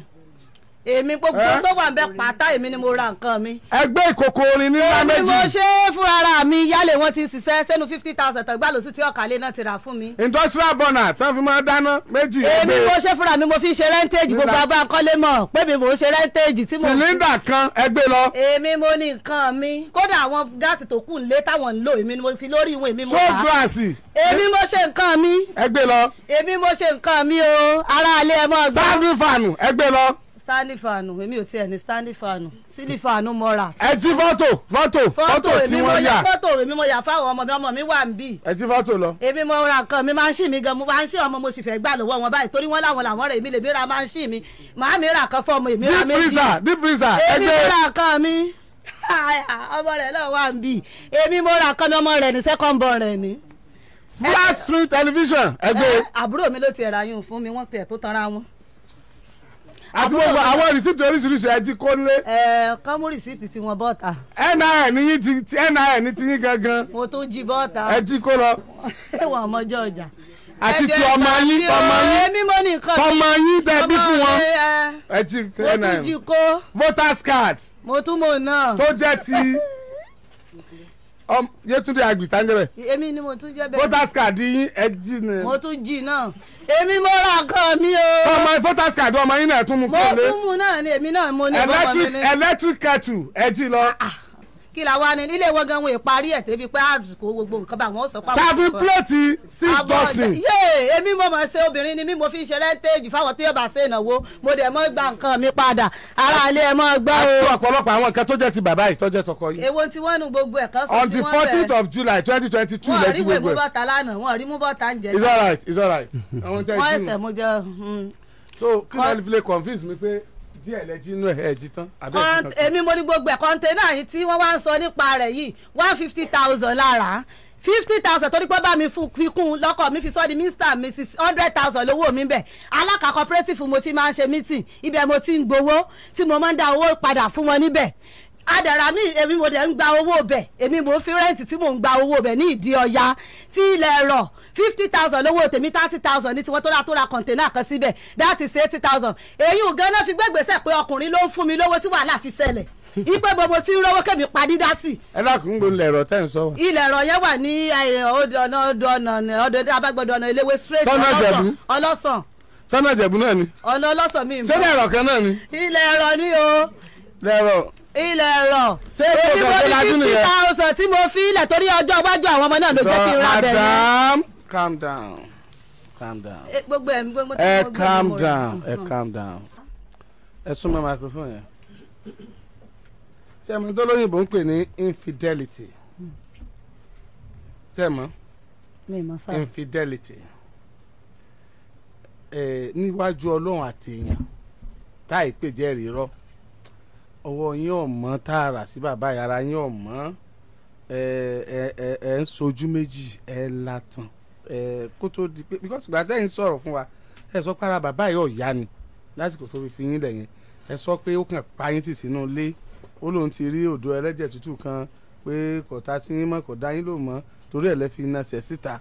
èmi gbogbo tó wà bẹ́ẹ̀ pátá èmi ni mo ra nǹkan mi. ẹgbẹ́ ìkòkò orin nílá méjì. èmi mo ṣe é fún ara mi yálé wọn ti ṣiṣẹ́ sẹ́nu fifty thousand tọ́gbà lóṣù tí ọ̀kàlẹ̀ náà ti rà fún mi. industrial burner tán fi máa dáná méjì. èmi mo ṣe fúnra mi mo fi ṣe rẹ́ńtéèjì gbogbo abáńkọ́lé mọ̀ pé mi mo ṣe rẹ́ńtéèjì tí mo. sìlíndà kan ẹgbẹ́ lọ. èmi mo ní nǹkan mi kódà àwọn gáàsì tó kù nílé táwọn ń lò èmi ni mo fi lórí ìwọ̀n èmi mo ta. so glace. èmi mo ṣe nǹkan mi. ẹgbẹ́ lọ. èmi mo ṣe nǹkan mi o ara alẹ́ ẹ mọ́ gbọ́. standing fan ẹgbẹ́ lọ stanley fanu èmi ò tiẹ̀ ní stanley fanu sílí fanu mọ́ra. ẹ ti fọ́tò fọ́tò fọ́tò tí wọ́n yà. fọ́tò èmi mo yà fáwọn ọmọ mi ọmọ mi wà ń bì. ẹ ti fọ́tò lọ. èmi mo ra nǹkan mi máa ń ṣì mí gan mo máa ń ṣì ọmọ mo sì fẹ́ gbà lọ́wọ́ wọn báyìí torí wọ́n láwọn làwọn rẹ̀ èmi lèmi ra máa ń ṣì mí màá mi ra kan fún ọmọ èmi ra méjì. deep freezer deep freezer ẹgbẹ́ èmi mo ra nǹkan mi ọmọ rẹ̀ náà wà ń bì èmi mo ra nǹkan mi ọmọ rẹ̀ ní second born rẹ̀ ní flat screen television ẹgbẹ́. àbúrò mi ló ti ra mi wọ́n tẹ̀ tó àti gbogbo àwọn rìsíìtì oríṣiríṣi ẹ ti kó lé. ẹ kọ́ mú rìsíìtì tiwọn bọ́ọ̀tà. nin yín ti nin ti yín gangan. mo tún jí bọ́ọ̀tà. ẹ jí kó lọ. ẹwà ọmọjọ ọjà. àti ti ọmọ yín tọmọ yín tọmọ yín tẹ bí fún wọn. ẹ jí nin. mo tún jí kó. voters card. mo tún mò náà. tó jẹ́ ti. Yétúndé àgbìsá ń jẹ́ bẹ́ẹ̀. èmi ni mo tún jẹ́ bẹ́ẹ̀. voters card yín ẹ jí ni. mo tún jí náà èmi mo ra nǹkan mi o. ọmọ voters card ọmọ yín náà tún mú kọ́lé. mo tún mú náà ni èmi náà mo ní bọ́ọ̀mọ́ mi ní. electric kettle ẹ jí lọ. Ah, ah kí la wá ní nílé wọn gan wọn è parí ẹ̀ débi pé àdùkò gbogbo nǹkan bá wọn sọ pé. sàfin plẹ̀tì sí bọ́sìn. yé èmi mo mọ̀ ṣe obìnrin ni mí mo fi ń ṣe rẹ́ńtéèjì fáwọn tí yóò bá ṣe ìnáwó mo dẹ̀ mọ́ gba nǹkan mi padà ara ilé ẹ̀ mọ́ gbọ́ a tún ọ̀pọ̀lọpọ̀ àwọn nǹkan tó jẹ́ ti bàbá yìí tó jẹ́ tọkọ yìí. èwo tí wọ́n nu gbogbo ẹ̀ kan sọ tí wọ́n bẹ̀rẹ̀. on the fourteenth of July twenty twenty two lẹ́tí gbogbo ẹ̀. wọ́n rí mú bọ́ta lánàá wọ́n rí mú bọ́ta ń jẹ. it's alright it's alright. wọ́n díẹ̀ lẹ́jí inú ẹ̀ jí tán. èmi mo ní gbogbo ẹ̀ kọ́ńténà yìí tí wọ́n wá ń sọ nípa rẹ̀ yìí one fifty thousand lára fifty thousand torí pé bá mi fi kún lọ́kọ̀ mi fi sọ di mr mrs hundred thousand lówó mi bẹ̀ alákà cooperative mo ti máa ń ṣe meeting ibẹ̀ mo ti ń gbowó tí mo máa ń dá owó padà fún wọn níbẹ̀ adara mi èmi mo dẹ̀ ń gba owó bẹ̀ èmi mo fi rẹ́ǹtì tí mo ń gba owó bẹ̀ ní ìdí ọya tí ilẹ̀ rọ̀ fifty thousand lówó tèmi thirty thousand ní tiwọn tó ra tó ra kọ̀ǹténà kan síbẹ̀ that is eighty thousand èyí ò gan náà fi gbẹ́gbẹ́sẹ̀ pé ọkùnrin ló ń fún mi lówó tí wàhálà fi ṣẹlẹ̀ ipe gbogbo tí ń rówó kẹ́mi pa dídá tì. ẹ dákun gbogbo ilẹ̀ ẹ̀rọ tẹ́ ń sọ. ilẹ̀ ẹ̀rọ yẹn wà ní ọ̀nà ọ̀dọ̀ ọ̀nà ọ̀dọ̀ abágbọ̀dọ̀ ọ̀nà eléwé straight ọlọ́sàn ọlọ́sàn. sọ́nà ìjẹ̀bú náà ni. ọ̀nà ọlọ́sàn mi. sẹ́lẹ̀ ẹ̀rọ kan náà ni. ilẹ̀ ẹ̀rọ ni o. lẹ́rọ̀ ilẹ̀ rọ̀ èmi mo ní fifty thousand tí mo fi ilẹ̀ torí ọjọ́ iwájú àwọn ọmọ náà ló jẹ́ kí n ra bẹ̀ calm down calm down. Eh, gbogbo ẹ̀ gbogbo ẹ̀ ẹ eh, eh, calm down ẹ calm down ẹ súnmọ́ microphone yẹn sẹ́mi tó lóyìnbó ń pè ní infidelity sẹ́mi infidelity níwájú ọlọ́run àtèèyàn táì pè jẹ́rìí rọ́ ọwọ́ yín ò mọ́ tààrà sí bàbá yàrá yín ò mọ́ ẹ ẹ ẹ ẹ ń sojú méjì ẹ latan ẹ kó tó di pé because ìgbà tẹ́yìn sọ̀rọ̀ fún wa ẹ sọ pé ara bàbá yìí ò yá ni lásìkò tó fi fi yín lẹ̀ yẹn ẹ sọ pé ó kàn pa yín tì sínú ilé ó lóun ti rí odò ẹlẹ́jẹ̀ tútù kan pé kò ta sí yín mọ́ kò dá yín lò mọ́ torí ẹ̀ lẹ́ fi iná ṣẹ̀ síta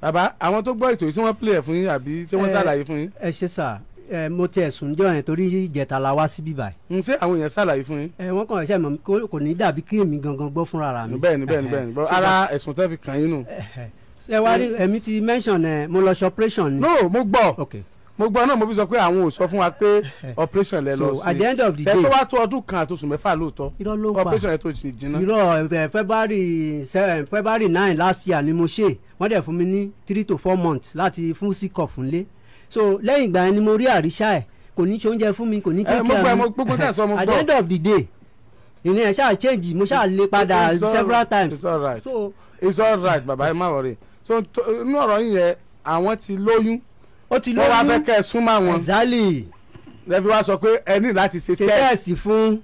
bàbá àwọn tó gbọ́ ètò yìí tí wọ́n pìlẹ̀ fún yín àbí tí wọ́n ṣàlàyé fún yín. ẹ ṣe sà ẹ mo tiẹ̀ sùn jọ yẹn torí ìjẹta la wá síbí báyìí. n ṣe àwọn èèyàn ṣàlàyé fún yín. ẹ wọn kàn ṣe mọ kò ní dàbí kí èmi gangan gbọ́ fúnra mi. bẹ́ẹ̀ni bẹ́ẹ̀ni bẹ́ẹ̀ni bọ ara ẹ̀sùn tẹ́ fi kàn yín nù. ṣé wàá rí èmi ti mention ẹ mo lọ ṣe operation ni. no mo gbọ́ mo gbọ́ náà mo fi sọ pé àwọn ò sọ fún wa pé operation lẹ lọ sí i so at the end of the day tẹ́tọ́ wá tó ọdún kan àtòsùn mẹ́fà lóòótọ́ operation yẹn tó ti jiná. irọ́ february february nine last year ni mo ṣe wọ́n dẹ̀ fún mi ní three to four months láti fún síkọ̀ fúnlé so lẹ́yìn ìgbà yẹn ni mo rí àríṣà ẹ̀ kò ní ṣe fún mi kò ní tí kí ẹ at the end of the day ìní ẹ ṣáà change mo ṣáà lè padà several times. it's all right. it's all right, baba ẹ má wọrí so inú ọ̀rọ̀ yìí yẹn àwọn ti lóyún ó ti lóyún wọ́n wá fẹ́ kẹ́ ẹ súnmọ́ àwọn. exactly lẹ́fi wá sọ pé ẹ ní láti ṣe tẹ́ẹ̀sì fún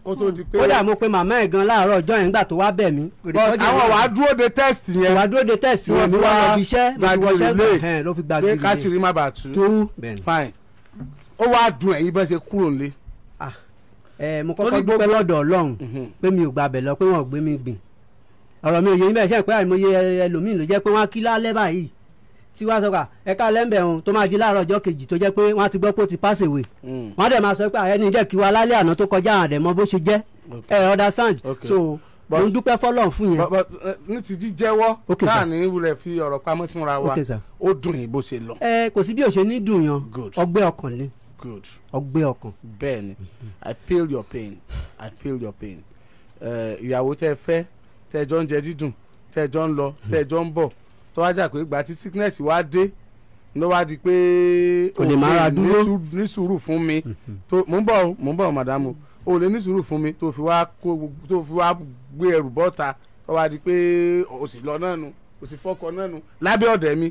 kódà mo pe màmá ẹ̀ gan láàárọ̀ ọjọ́ yẹn nígbà tó wá bẹ̀ mí. àwọn wàá dúró de tẹ́ẹ̀sì yẹn wàá dúró de tẹ́ẹ̀sì yẹn mi wá lọ fi iṣẹ́ gbàgbé ló fi gbàgbé lé kásìrì má bàa tú tó fine ó wá dùn ẹ̀yin bẹ́ẹ̀ ṣe kúrò nílé. mo kọ́kọ́ dúpẹ́ lọ́dọ̀ ọlọ́run mhm. pé mi ò gbàbẹ̀ lọ pé wọ́n ò gbé mi gbìn ọ̀rọ̀ mi ò yẹ tí wàá sọ pé ẹ̀ka lẹ́ńbẹ̀ ọ̀hún tó máa jí láàárọ̀ ọjọ́ kejì tó jẹ́ pé wọ́n ti gbọ́ pé ó ti pass away hmm. wọ́n dẹ̀ máa sọ pé ẹni jẹ́ kí wa lálẹ́ àná tó kọjá àdẹ̀ mọ́ bó ṣe jẹ́ ẹ understand so mo ń dúpẹ́ fọlọ́run fún yẹn. Eh, ní ti jíjẹ́wọ́ káàní wulẹ̀ fi ọ̀rọ̀ pamọ́ síra wa ó dùn yín bó ṣe lọ. ẹ kò sí bí òṣè ní dùn yan ọgbẹ́ ọkàn ni ọgbẹ́ ọkàn. bẹ́ẹ̀ni i feel your pain i feel your pain eh, ìyàwó tẹ fẹ́ tẹ jọ ń jẹ dídùn tẹ jọ ń lọ tẹ jọ ń bọ̀ tó wá jà pé ìgbà tí sickness wá dé ló wá di pé o lè máa dúró ní sùúrù fún mi mm-hmm. tó mò ń bọ̀ mò ń bọ̀ màdàmù o lè ní sùúrù fún mi tó fi wá kó tó fi wá gbé ẹrù bọ́ta tó wá di pé o sì lọ náà nu o sì fọkọ náà nu lábẹ́ ọ̀dẹ̀ mi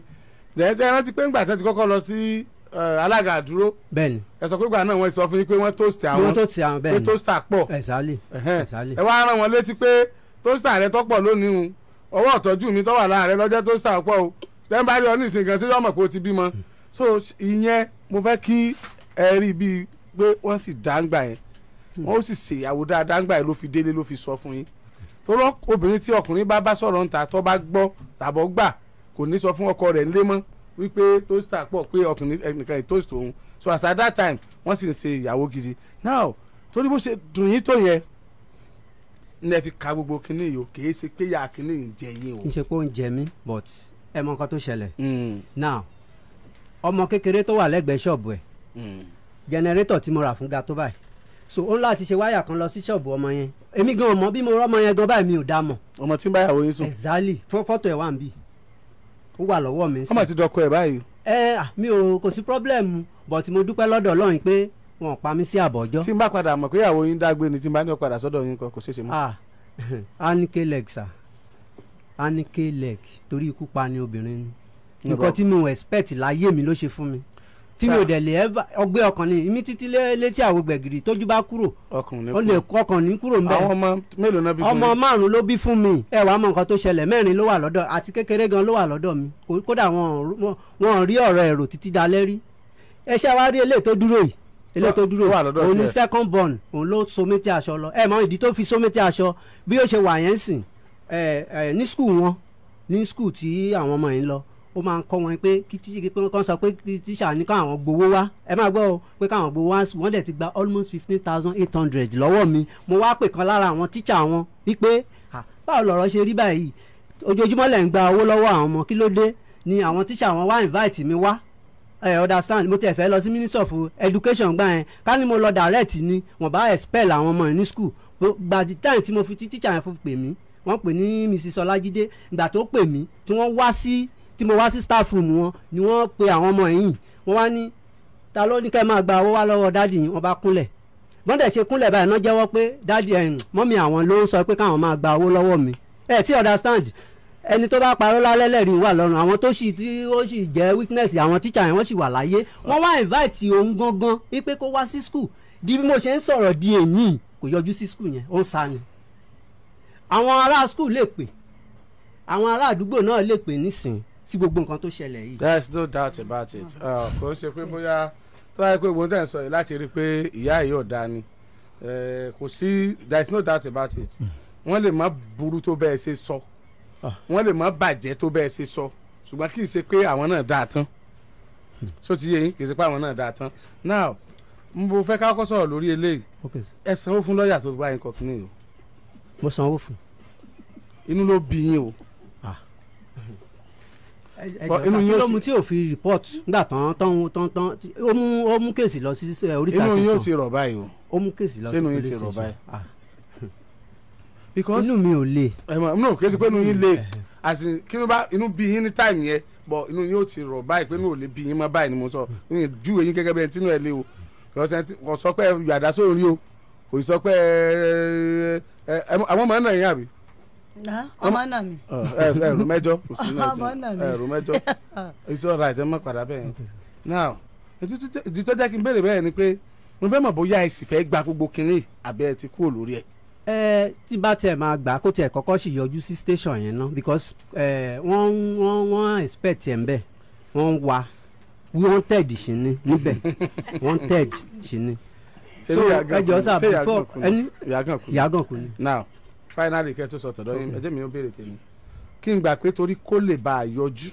lẹ́sẹ̀ rántí pé ńgbà tẹ́ ti kọ́kọ́ lọ sí eh, alága àdúró bẹ́ẹ̀ni ẹ sọ pé gbà náà wọ́n sọ fún yín pé wọ́n tóòsì àwọn wọ́n tóòsì àwọn bẹ́ẹ̀ni pé tóòsì àpọ̀ ẹ̀sálì ẹ̀wọ́n á rán wọn létí pé tóòsì àrẹ tọ́pọ̀ lónìí ọwọ́ ọ̀tọ́jú mi tọ́wà láàrẹ lọ́jọ́ tó sà pọ̀ o tẹ́ ń bá rí ọ ní ìsìn kan sí ọmọ pé o ti bímọ so ìyẹn mo fẹ́ kí ẹ rí bíi pé wọ́n sì dáńgbà yẹn wọ́n ó sì ṣèyàwó dáadáa ńgbà yẹn ló fi délé ló fi sọ fún yín torọ obìnrin tí ọkùnrin bá bá sọ̀rọ̀ ńta tó bá gbọ́ tàbọ̀ gbà kò ní sọ fún ọkọ rẹ̀ ńlé mọ́ wípé tóṣítà pọ̀ pé ọkùnrin ẹnìkan ẹ̀ tóṣítà òun so as at that time wọ́n sì ń ṣe ìyàwó gidi now torí bó ṣe dùn yín tó yẹn ní ẹ fi ka gbogbo kinní yìí o kìí ṣe pé ya kinní yìí ń jẹ yín o. ìṣepò ń jẹ mí but ẹ mọ nǹkan tó ṣẹlẹ̀. Hmm. now ọmọ kékeré tó wà lẹ́gbẹ̀ẹ́ ṣọ́ọ̀bù ẹ̀ jẹnẹrétọ̀ hmm. tí mo rà fún ga tó báyìí so ó ń láti ṣe wáyà kan lọ sí ṣọ́ọ̀bù ọmọ yẹn èmi gan ọmọ bí mo rọ́ ọmọ yẹn gan báyìí mi ò dá mọ̀. ọmọ tí ń bá ìyàwó yín sùn. exactly fọ́tò ẹ̀ wà ń bì ó wà lọ́wọ́ mi. ọmọ ti dọkọ ẹ̀ báyìí. ẹ eh, ah, mi ò kò sí problem but mo dúpẹ́ lọ́dọ̀ Ọlọ́run pé wọn pa mí sí àbọ̀jọ́. tí n bá padà mọ̀ pé ìyàwó yín dágbé ni tí n bá ní ọ̀padà sọ́dọ̀ yín kan kò ṣeé ṣe mọ́. Ah, anike leg sir anike leg torí ikú pa ni obìnrin ni nǹkan tí mi expect láyé mi ló ṣe fún mi tí mi ò dẹ̀ lè ọgbẹ́ ọkàn ni ìmí títí létí àwọn gbẹ̀gìrì tójú bá kúrò ó lè kọ́ ọkàn ní kúrò nbẹ. àwọn ọmọ mélòó náà bí fún mi. ọmọ márùn ló bí fún mi ẹ wàá mọ nǹkan tó ṣẹlẹ̀ mẹ́rin ló wà lọ́dọ̀ àti kékeré gan ló wà lọ́dọ̀ mi kódà wọn rí ọ̀rọ̀ ẹ̀rọ títí dalẹ́ rí ẹ ṣáwá eléyìí tó dúró yìí ilé tó dúró òun ni second born òun ló sométí aṣọ lọ ẹ mọ ìdí tó fi sométí aṣọ bí ó ṣe wà yẹn sìn ẹ ẹ ní skul wọn ní skul tí àwọn ọmọ yẹn lọ ó máa ń kọ́ wọn pé kí tíṣe pé wọ́n sọ pé kí tíṣà ní káwọn gbowó wá ẹ máa gbọ́ o pé káwọn gbowó wá wọ́n dẹ̀ ti gba almost fifteen thousand eight hundred lọ́wọ́ mi mo wá pè kan lára àwọn tíṣà wọn wípé báwo lọ̀rọ̀ ṣe rí báyìí ojoojúmọ́ lẹ̀ ń gba owó lọ́wọ́ àwọn ọmọ kí ló dé ni àwọn tíṣà wọn wá invite mi wá ẹ understand mo tẹ̀ fẹ́ lọ sí minister of education gbà yẹn ká ní mo lọ direct ni wọ́n bá expel àwọn ọmọ ní school by the time tí mo fi tí teacher yẹn fún pè mí wọ́n pè ní mrs ọlájídé ìgbà tó pè mí tí wọ́n wá sí tí mo wá sí staff room wọn ni wọ́n pe àwọn ọmọ yìí wọ́n wá ní ta ló ní kẹ́ máa gba owó wá lọ́wọ́ dáàdì yìí wọ́n bá kúnlẹ̀ wọ́n dẹ̀ ṣe kúnlẹ̀ báyìí náà jẹ́wọ́ pé dáàdì mọ́mì àwọn ló ń sọ pé káwọn máa gba owó lọ́wọ́ mi ẹ ti understand ẹni tó bá parọ́ lálẹ́ wà lọ́rùn àwọn tó sì jẹ́ witness àwọn teacher yẹn wọ́n sì wà láyé wọ́n wá invite òun gangan wípé kó wá sí school di bí mo ṣe ń sọ̀rọ̀ di èyí kò yọjú sí school yẹn ó ń sá ni àwọn ará school lè pè àwọn ará àdúgbò náà lè pè nísìnyí sí gbogbo nǹkan tó ṣẹlẹ̀ yìí. there is no doubt about it ah. Ah, kò ṣe pé bóyá tó bá yẹ pé gbogbo ẹ̀ ń sọ yìí láti rí i pé ìyá yìí ò dá ni eh, kò sí there is no doubt about it hmm. wọ́n lè má burú tó bẹ́ẹ̀ ṣe sọ. So Ah. wọ́n lè mọ́ bàjẹ́ tó bẹ́ẹ̀ ṣe sọ ṣùgbọ́n kì í ṣe pé àwọn náà dáa tán so ti yẹ yín kì í ṣe pé àwọn náà dáa tán now mo fẹ́ ká kọ́ sọ̀rọ̀ lórí eléyìí ẹ sanwó fún lọ́ọ̀yà tó bá yín kọ́ kínní o. mo sanwó fún. inú ló bí yín o. Ah. inú yín ó ti tí o fi report nígbà tán tán tán tán ó mú ó mú kéèsì lọ sí eh, oríta sísun inú yín ó ti rọ̀ báyìí o ó mú kéèsì lọ sí oríta sísun because inú mi ò le. ẹ̀mọ̀ inú kò sí pé inú yín le as in kí ló bá inú bí yín ní táìmù yẹn bọ̀ inú yín ò ti báyìí pé inú ò bí yín báyìí ni mo sọ yín júwe o kò sọ pé yàrá sórí o kò sọ pé àwọn ọmọ náà yín àbí. ọmọ náà mi. ẹ ẹ rò mẹ́jọ ẹ rò mẹ́jọ ẹ padà now ìdí tó jẹ́ kí n bẹ́ẹ̀ ni pé mo fẹ́ mọ̀ bóyá ẹ sì fẹ́ gba gbogbo kinní ẹ ti kúrò lórí ẹ̀. ẹ eh, tí bá tiẹ̀ máa gbà kó tiẹ̀ kọ́kọ́ sì yọjú sí station yẹn náà because ẹ eh, wọ́n wọ́n wọ́n expect ẹ̀ ń bẹ̀ wọ́n wá wanted sí ni níbẹ̀ wanted sí ni so ẹjọ sá before ẹni yàgàn kù ni. now finally kẹ́ ẹ tó sọ tọ̀dọ̀ yín ẹjẹ́ mi ò béèrè tèmi kí n gbà pé torí kó lè bá a yọjú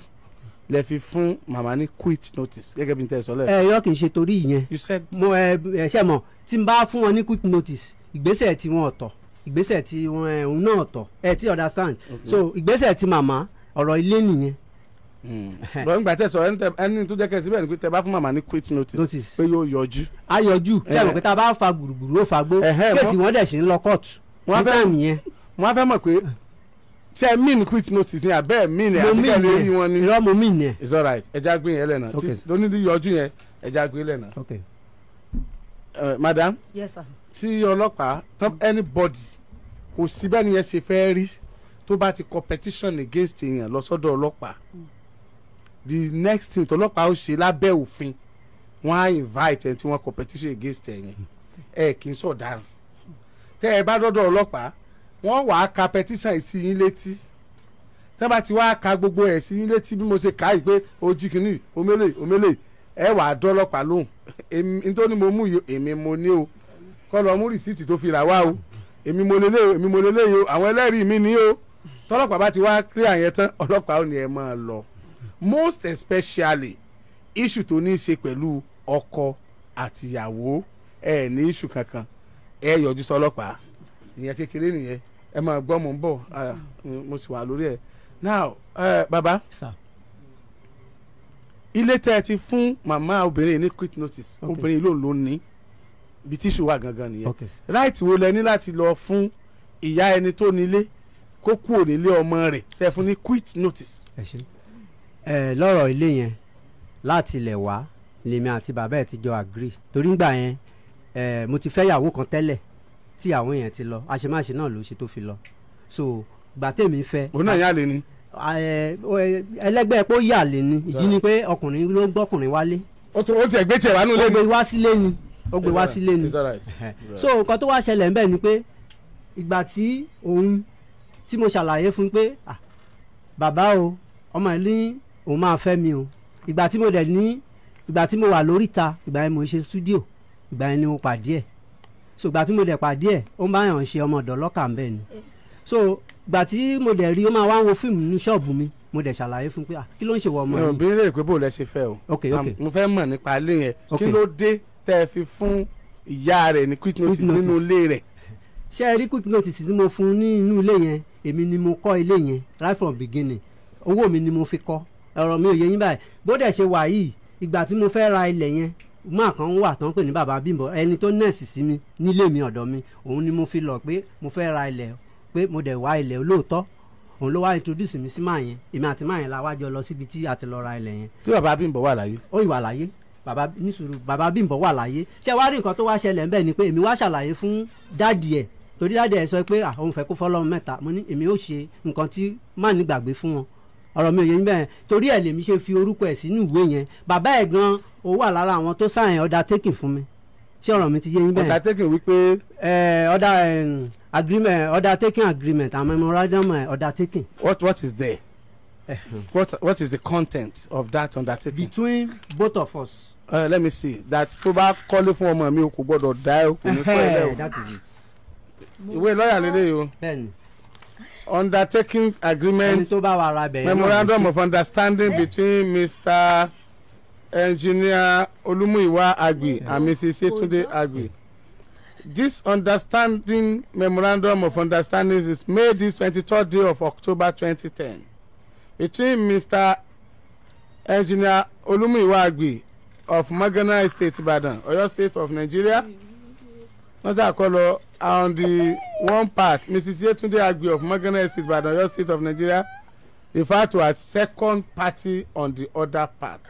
lẹ fi fún màmá ní quit notice gẹ́gẹ́ bí n tẹ sọ lẹ. ẹ yọ kì í ṣe torí ìyẹn mo eh, ẹ ṣe mọ tí n bá fún wọn ní quit notice ìgbésẹ̀ tí wọn ọ̀tọ̀ ìgbésẹ̀ tí eh, òun náà tọ̀ ẹ ti understand so ìgbésẹ̀ ti màmá ọ̀rọ̀ ilé nìyẹn. lọ́yìn gbà tẹ̀ sọ ẹni tó jẹ́ kẹ́sì bẹ́ẹ̀ ni pé tẹ bá fún màmá ní quit notice pé yóò yọjú. a yọjú tí a mọ̀ pé tá a bá fa gbùrùgbùrù ó fa gbó kéèsì wọ́n dẹ̀ ṣe ń lọ kóòtù nígbà nìyẹn. wọ́n á fẹ́ mọ̀ pé ṣe mean quit notice ni abẹ́ mean ni àbí kẹ́ lórí wọn ni. irọ́ mo mean yẹn. it's alright ẹja gbé yẹn lẹ́nà lónìí yọjú yẹn ẹja gbé lẹ́nà. Eh, madam. yes sir tí ọlọ́pàá tán mm. anybody kò sí bẹ́ẹ̀ nìyẹn ṣe fẹ́ rí tó bá ti competition against èèyàn lọ sọ́dọ̀ ọlọ́pàá mm. the next thing tọlọ́pàá ó ṣe lábẹ́ òfin wọ́n á invite ẹni tí wọ́n competition against ẹ̀yìn mm. ẹ̀ kì í sọ̀daràn tẹ́ ẹ bá dọ́dọ̀ ọlọ́pàá wọ́n wàá ka petition sí yín létí tẹ́ bá ti wá ka gbogbo ẹ̀ sí yín létí bí mo ṣe kà á yìí pé ojú kìíní omele omele ẹ wàá dọ́lọ́pàá lóhùn nítorí mo mú èmi mo ní o kọ́ lọ mú rìsíìtì tó fi rà wá o èmi mo lélẹ̀ o èmi mo lélẹ̀ o àwọn ẹlẹ́rìí mi ni o tọ́lọ́pàá bá ti wá clear yẹn tán ọlọ́pàá ò ní ẹ máa lọ most especially issue tó ní í ṣe pẹ̀lú ọkọ àtìyàwó ẹ ní issue kankan ẹ yọjú sọ́lọ́pàá ìyẹn kékeré nìyẹn ẹ máa gbọ́ mọ̀ ń bọ̀ mo sì wà lórí ẹ̀ now uh, baba ilé tẹ́ ẹ ti fún màmá obìnrin ní quick notice obìnrin ló ń lò ní ibi tíṣù wà gangan nìyẹn right wo lẹ ní láti lọ fún ìyá ẹni tó nílé kó kú òrèlé ọmọ rẹ̀ tẹ fún ní quit notice. ẹ ṣe ẹ lọ́rọ̀ ilé yẹn láti ilẹ̀ wá lèmi àti bàbá ẹ̀ ti jọ agree torí ngbà yẹn ẹ mo ti fẹ́ yàwó kan tẹ́lẹ̀ tí àwọn èèyàn ti lọ àṣemáṣe náà ló ṣe tó fi lọ so gbà tèmi fẹ́. òun náà yà lè ní. ẹlẹgbẹ́ pé ó yà lè ní ìdí ni pé ọkùnrin ló ń gbọ́kùnrin wálé. ó ti ẹ̀gbẹ́ tiẹ̀ wá nílé ó gbé wá sílé ni ó gbé wá sílé ni so nǹkan tó wá ṣẹlẹ̀ ńbẹ̀ ni pé ìgbà tí òun tí mo ṣàlàyé fún pé bàbá o ọmọ ẹ̀ ní òun máa fẹ́ mi o ìgbà tí mo dẹ̀ ní ìgbà tí mo wà lóríta ìgbà yẹn mo ṣe studio ìgbà yẹn ni mo pàdé ẹ̀ so ìgbà tí mo dẹ̀ pàdé ẹ̀ ó ń bá yàn ṣe ọmọ ọ̀dọ́ lọ́kà ńbẹ̀ ni so ìgbà tí mo dẹ̀ rí ó máa wá wo fíìmù ní ṣọ́ọ̀bù mi mo dẹ̀ ṣàlàyé fún pé kí ló ń ṣe wọ ọmọ yìí. mi ò bí lè pé bò lẹ fẹ́ o. ok ok mo fẹ́ mọ̀ nípa ilé yẹn kí ló dé tẹ́ ẹ fi fún ìyá rẹ̀ ní quick notice nínú ilé rẹ̀. ṣé ẹ rí quick notice tí mo fún nínú ilé yẹn èmi ni mo kọ́ ilé yẹn right from beginning owó mi ni mo fi kọ́ ọ̀rọ̀ mi ò yé yín báyìí bó dẹ̀ ṣe wà yìí ìgbà tí mo fẹ́ ra ilẹ̀ yẹn máa kan wà tán pè ní bàbá Bímbọ́ ẹni tó nẹ́ẹ̀sì sí mi nílé mi ọ̀dọ̀ mi òun ni mo fi lọ pé mo fẹ́ ra ilẹ̀ pé mo dẹ̀ wá ilẹ̀ olóòótọ́ òun ló wá introduce mi sí máa yẹn èmi àti máa yẹn la wá lọ síbi tí a ti lọ ra ilẹ̀ yẹn. kí bàbá Bímbọ́ wà láyé. ó ì wà láyé bàbá ní sùúrù bàbá Bímbọ́ wà láyé ṣé wàá rí nǹkan tó wá ṣẹlẹ̀ ni pé èmi wá ṣàlàyé fún dáàdì ẹ̀ torí dáàdì ẹ̀ sọ pé àwọn fẹ́ kó fọlọ́run mẹ́ta mo ní èmi ó ṣe nǹkan tí má ní gbàgbé fún wọn ọ̀rọ̀ mi ò yẹ níbẹ̀ torí ẹ̀ lèmi ṣe fi orúkọ ẹ̀ sínú ìwé yẹn bàbá ẹ̀ gan ó wà lára àwọn tó sign undertaking fún mi ṣé ọ̀rọ̀ mi ti yé níbẹ̀. undertaking wípé. ọ̀dà agreement undertaking agreement and memorandum eh, undertaking. what what is there. what what is the content of that undertaking. between both of us uh, let me see that tó bá kọ́lé fún ọmọ mi o kò gbọ́dọ̀ dá ẹ o kò ní kọ́ ẹ lẹ́ o ìwé lọ́ọ̀yà lélẹ́yìí o undertaking agreement memorandum of understanding eh. between mr engineer olumuyiwa agbi eh. and mrs yetunde agbi this understanding memorandum of understanding is made this twenty-third day of october twenty ten between mr engineer olumuyiwa agbi of Magana State, Ibadan, Oyo State of Nigeria. Wọ́n ṣàkọlọ on the one part Mrs. Yetunde Agbe of Magana State, Ibadan, Oyo State of Nigeria referred to as second party on the other part.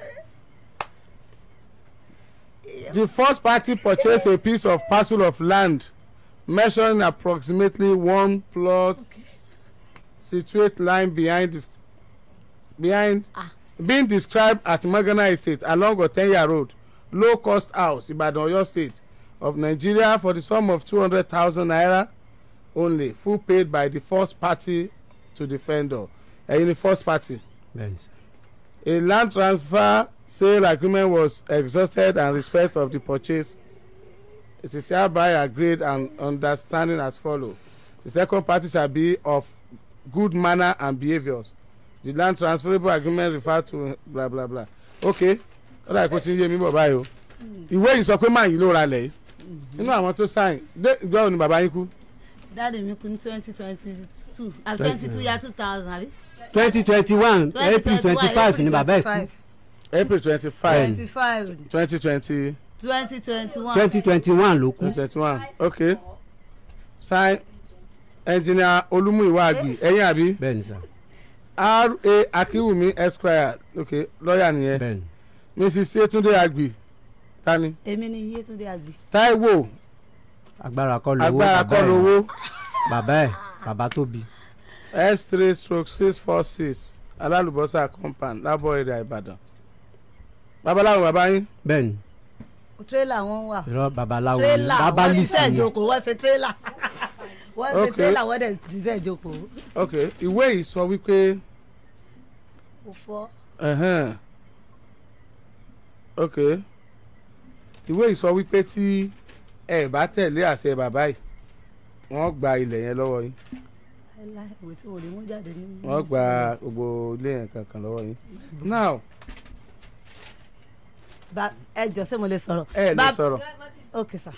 The first party purchased a piece of parcel of land measuring approximately one plot okay. situate line behind the, behind ah being described at Magana Estate along Otenya Road, low cost house, Ibadan, Oyo State of Nigeria for the sum of two hundred thousand naira only, full paid by the first party to the vendor. in the first party. Thanks. A land transfer sale agreement was exhausted and respect of the purchase it is hereby agreed and understanding as follow the second party shall be of good manner and behaviours the land transferable agreement refer to bla bla bla Okay, ó dà kó ti ń yé mi bọ̀ báyìí o ìwé yìí sọ pé máa yìí ló ra lẹ̀ yìí nínú àwọn tó sáyìn dé ìjọ òní bàbá yín kú. dáàdì mi kú ní twenty twenty two àbí twenty two ya two thousand àbí. twenty twenty one april twenty five ni bàbá ẹ̀ kú. april twenty five twenty twenty. twenty twenty one twenty twenty one ló kú. twenty twenty one Okay. sign engineer Olumuyiwa àgbì ẹ̀yìn àbí. bẹ́ẹ̀ sá r a akiwumi esquire okay lọ́ọ̀yà nìyẹn mrs yetunde agbi tani. èmi ni yetunde agbi. taiwo. agbára kọ́ lówó agbára kọ́ lówó. bàbá ẹ̀ bàbá tóbi. s three stroke six four six Alalubosa compound lábọ̀ èrè ìbàdàn. babaláwo bàbá yín. bẹ́ẹ̀ni. tírélà wọn wà. irọ́ babaláwo ni babalisi ni. tírélà wọn ti sẹ́ẹ̀jọ kò wá tírélà wọ́n ṣe tẹ́lá wọ́n dẹ̀ dísẹ́ ìjókòó. ok ìwé yìí sọ wípé. kò fọ́. ok ìwé yìí sọ wípé tí ẹ bá tẹ̀lé àṣẹ bàbá yìí wọ́n gba ilẹ̀ yẹn lọ́wọ́ yín. wọ́n gba gbogbo ilé yẹn kankan lọ́wọ́ yín. now ẹ jọ ṣé mo lè sọ̀rọ̀. ẹ lè sọ̀rọ̀. ok sir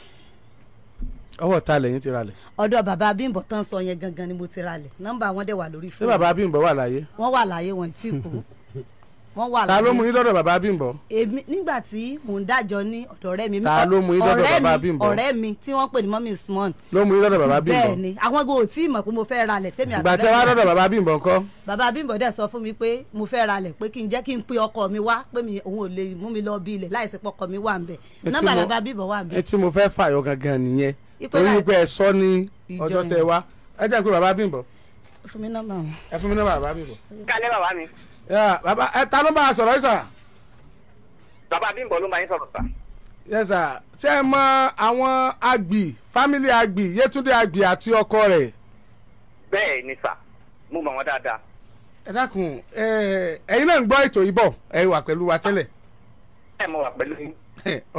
ọwọ́ ta lẹ́yìn ti ralẹ̀. ọ̀dọ̀ bàbá bímbọ̀ tán sọ yẹn gangan ni mo ti ralẹ̀ nọ́mbà wọn dẹ̀ wà lórí fún mi. ṣé bàbá bímbọ̀ wà láyé. wọ́n wà láyé wọn tí kú. wọ́n wà láyé. ta ló mú yín lọ́dọ̀ bàbá bímbọ̀. èmi nígbà tí mò ń dájọ́ ní ọ̀dọ̀ ọ̀rẹ́ mi. ta ló mú yín lọ́dọ̀ bàbá bímbọ̀. ọ̀rẹ́ mi tí wọ́n pè ní mọ́mí small. ló mú yín lọ́dọ̀ bàbá bímbọ̀. bẹ́ẹ̀ni àwọn gò tí ì mọ̀ pé mo fẹ́ ralẹ̀ tèmi àtọ̀rẹ́ mi. ìgbà tí wàá torí pé ẹ sọ ní ọjọ́ tẹ wá ẹ jẹ́ pé bàbá Bímbọ́. ẹ fún mi nọ́mbà wọn. mi nọ́mbà bàbá Bímbọ́. kálẹ̀ bàbá mi. bàbá ẹ ta ló máa sọ̀rọ̀ ìsà. bàbá Bímbọ́ ló máa ń sọ̀rọ̀ sà. yẹ sà ṣé ẹ mọ àwọn àgbì fámílì àgbì Yétúndé àgbì àti ọkọ rẹ̀. bẹ́ẹ̀ ni sà mo mọ̀ wọ́n dáadáa. ẹ dákun ẹ̀yin náà ń gbọ́ ètò yìí bọ̀ ẹ wà pẹ̀lú wa tẹ́lẹ̀. ẹ mọ wà pẹ̀lú yín.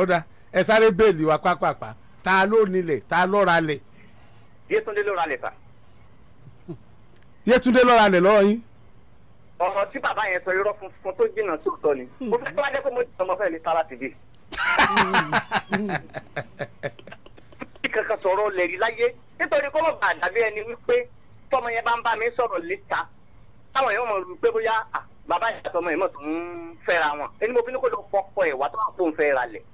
ọ̀dà ẹ sáré bẹ́ẹ̀lì wa pápápá ta ló nílẹ̀ ta ló ra lẹ̀. yétúndé ló ra lẹ̀ fà. yétúndé ló ra lẹ̀ lọ́wọ́ yín. ọ̀rọ̀ tí bàbá yẹn sọ irọ́ funfun tó jìnnà tó tọ́ ni mo fẹ́ tó wá jẹ́ pé mo jẹ́ ọmọ fẹ́ mi sára tìbí. bí kankan sọ̀rọ̀ lẹ̀ rí láyé nítorí kó mọ̀ bá dàbí ẹni wípé tọmọ yẹn bá ń bá mi sọ̀rọ̀ léta táwọn yẹn mọ̀ rú pé bóyá bàbá yẹn àtọmọ yẹn mọ̀ tó ń fẹ́ra wọn ẹni mo fi ní kó lọ fọ́pọ̀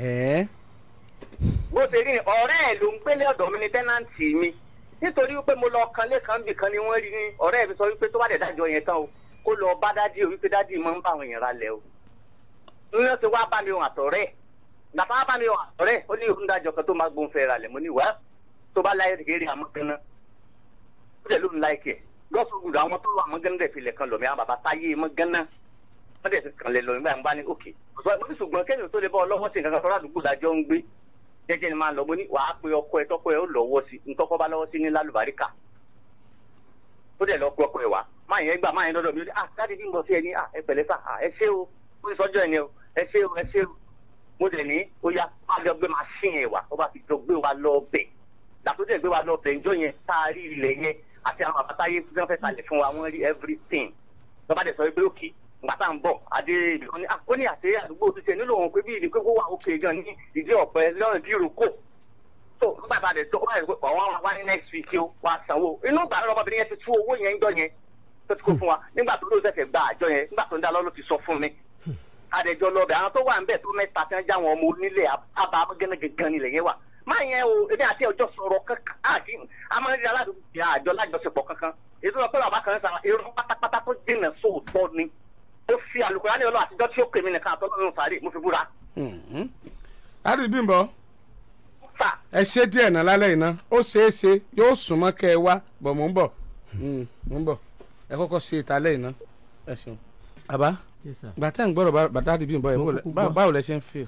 Eh? bó ṣe rí ọ̀rẹ́ ẹ̀ ló ń gbélé ọ̀dọ̀ mi ní tẹ́nàntì mi nítorí wípé mo lọ kan lẹ́kan bìkan ni wọ́n rí ní ọ̀rẹ́ mi sọ wípé tó bá dẹ̀ dájọ́ yẹn tán o kó lọ bá dádì o wípé dádì máa ń bá àwọn èèyàn ra lẹ̀ o ní wọ́n ti wá bá mi hàn àtọ̀rẹ́ gbàtà wá bá mi hàn àtọ̀rẹ́ ó ní ìhun dájọ́ kan tó máa gbóhùn fẹ́ ra lẹ̀ mo ní wá tó bá láyé kéré àmọ́ gan náà ó dẹ̀ ló ń láìkẹ́ gọ́sùn gbùdọ̀ àwọn tó wà mọ́ gan náà dẹ̀ fi lẹ̀ kan lọ̀ mí àwọn bàbá táyé mọ́ gan náà wọ́n dẹ̀ ti kànlẹ̀ lọ nígbà bá ní òkè òṣùwọ̀n ṣùgbọ́n kẹ́yìn tó lè bọ́ ọlọ́wọ́ sí nǹkan kan tó ládùúgbò lájọ́ ń gbé jẹ́jẹ́ ni máa ń lọ bó ní wàá pe ọkọ ẹ tọ́kọ ẹ ó lọ́wọ́ sí ntọ́kọ́ bá lọ́wọ́ sí ní lálùbáríkà tó dẹ̀ lọ́ọ́ pe ọkọ ẹ wá máa yẹn gbà máa yẹn lọ́dọ̀ mi ó ní ah dáàdi bí mo fi ẹ ní ah ẹ pẹ̀lẹ́ sà ah ẹ ṣé o ó ní sọ́jọ́ ẹ̀ ni o ẹ ṣé o ẹ ṣé o mo dẹ̀ ní ó yá má lọ gbé máa ṣìn ẹ̀ wá ó bá fi jọ gbé wa lọ bẹ̀ làtó dẹ̀ gbé wa lọ bẹ̀ njọ́ yẹn tá ilẹ̀ yẹn àti àwọn àbátáyé tí wọ́n fún wa wọ́n rí everything lọ́ba dẹ̀ sọ pé ó kì gbàtà ń bọ̀ adé ìdíkan ní à ah, ó ní àṣẹ àdúgbò tó ṣe nílò òun pé bí ìdí pé kó wà òkè gan ní ìdí ọ̀pẹ lọ́rùn bí ìrókò tó nígbà tá a lè tó báyìí pé àwọn wá ní next week ó wá sanwó inú ìgbà lọ́wọ́ obìnrin yẹn ti tú owó yẹn ń jọ yẹn tó ti kó fún wa nígbà tó lóò tẹ̀sẹ̀ gba àjọ yẹn nígbà tó ń dá lọ́lọ́ ti sọ fún mi àdẹ̀jọ lọ́bẹ̀ àwọn tó wà ń bẹ̀ tó mẹ́ta tí wọ́n já wọn ọmọ onílẹ̀ àbá gẹ́gẹ́ nílẹ̀ yẹn wà máa yẹn o ebi àti ọjọ́ sọ̀rọ̀ kankan àti amáyé aládùúgbò àjọ lájọṣepọ̀ kankan ètò ìpínlẹ̀ àbá kan sára irun pátápátá tó dènà sóòtọ́ ni mo fi àlùkùránì ọlọ́ àtijọ́ tí ó pè mí nìkan àtọ́lọ́ nínú sàárè mo fi búra. àdìbìnbọ mhm. ẹ ṣe díẹ̀ náà lálẹ́ iná ó ṣeé ṣe yóò súnmọ́ kẹ́ ẹ wá bọ̀ mò ń bọ̀ mhm, mò ń bọ̀ ẹ kọ́kọ́ ṣe ìtàlẹ́ iná ẹ ṣeun. bàbá bàtà ń gbọ́dọ̀ bàtà àdìbìnbọ yẹn báwo lẹ ṣe ń fi.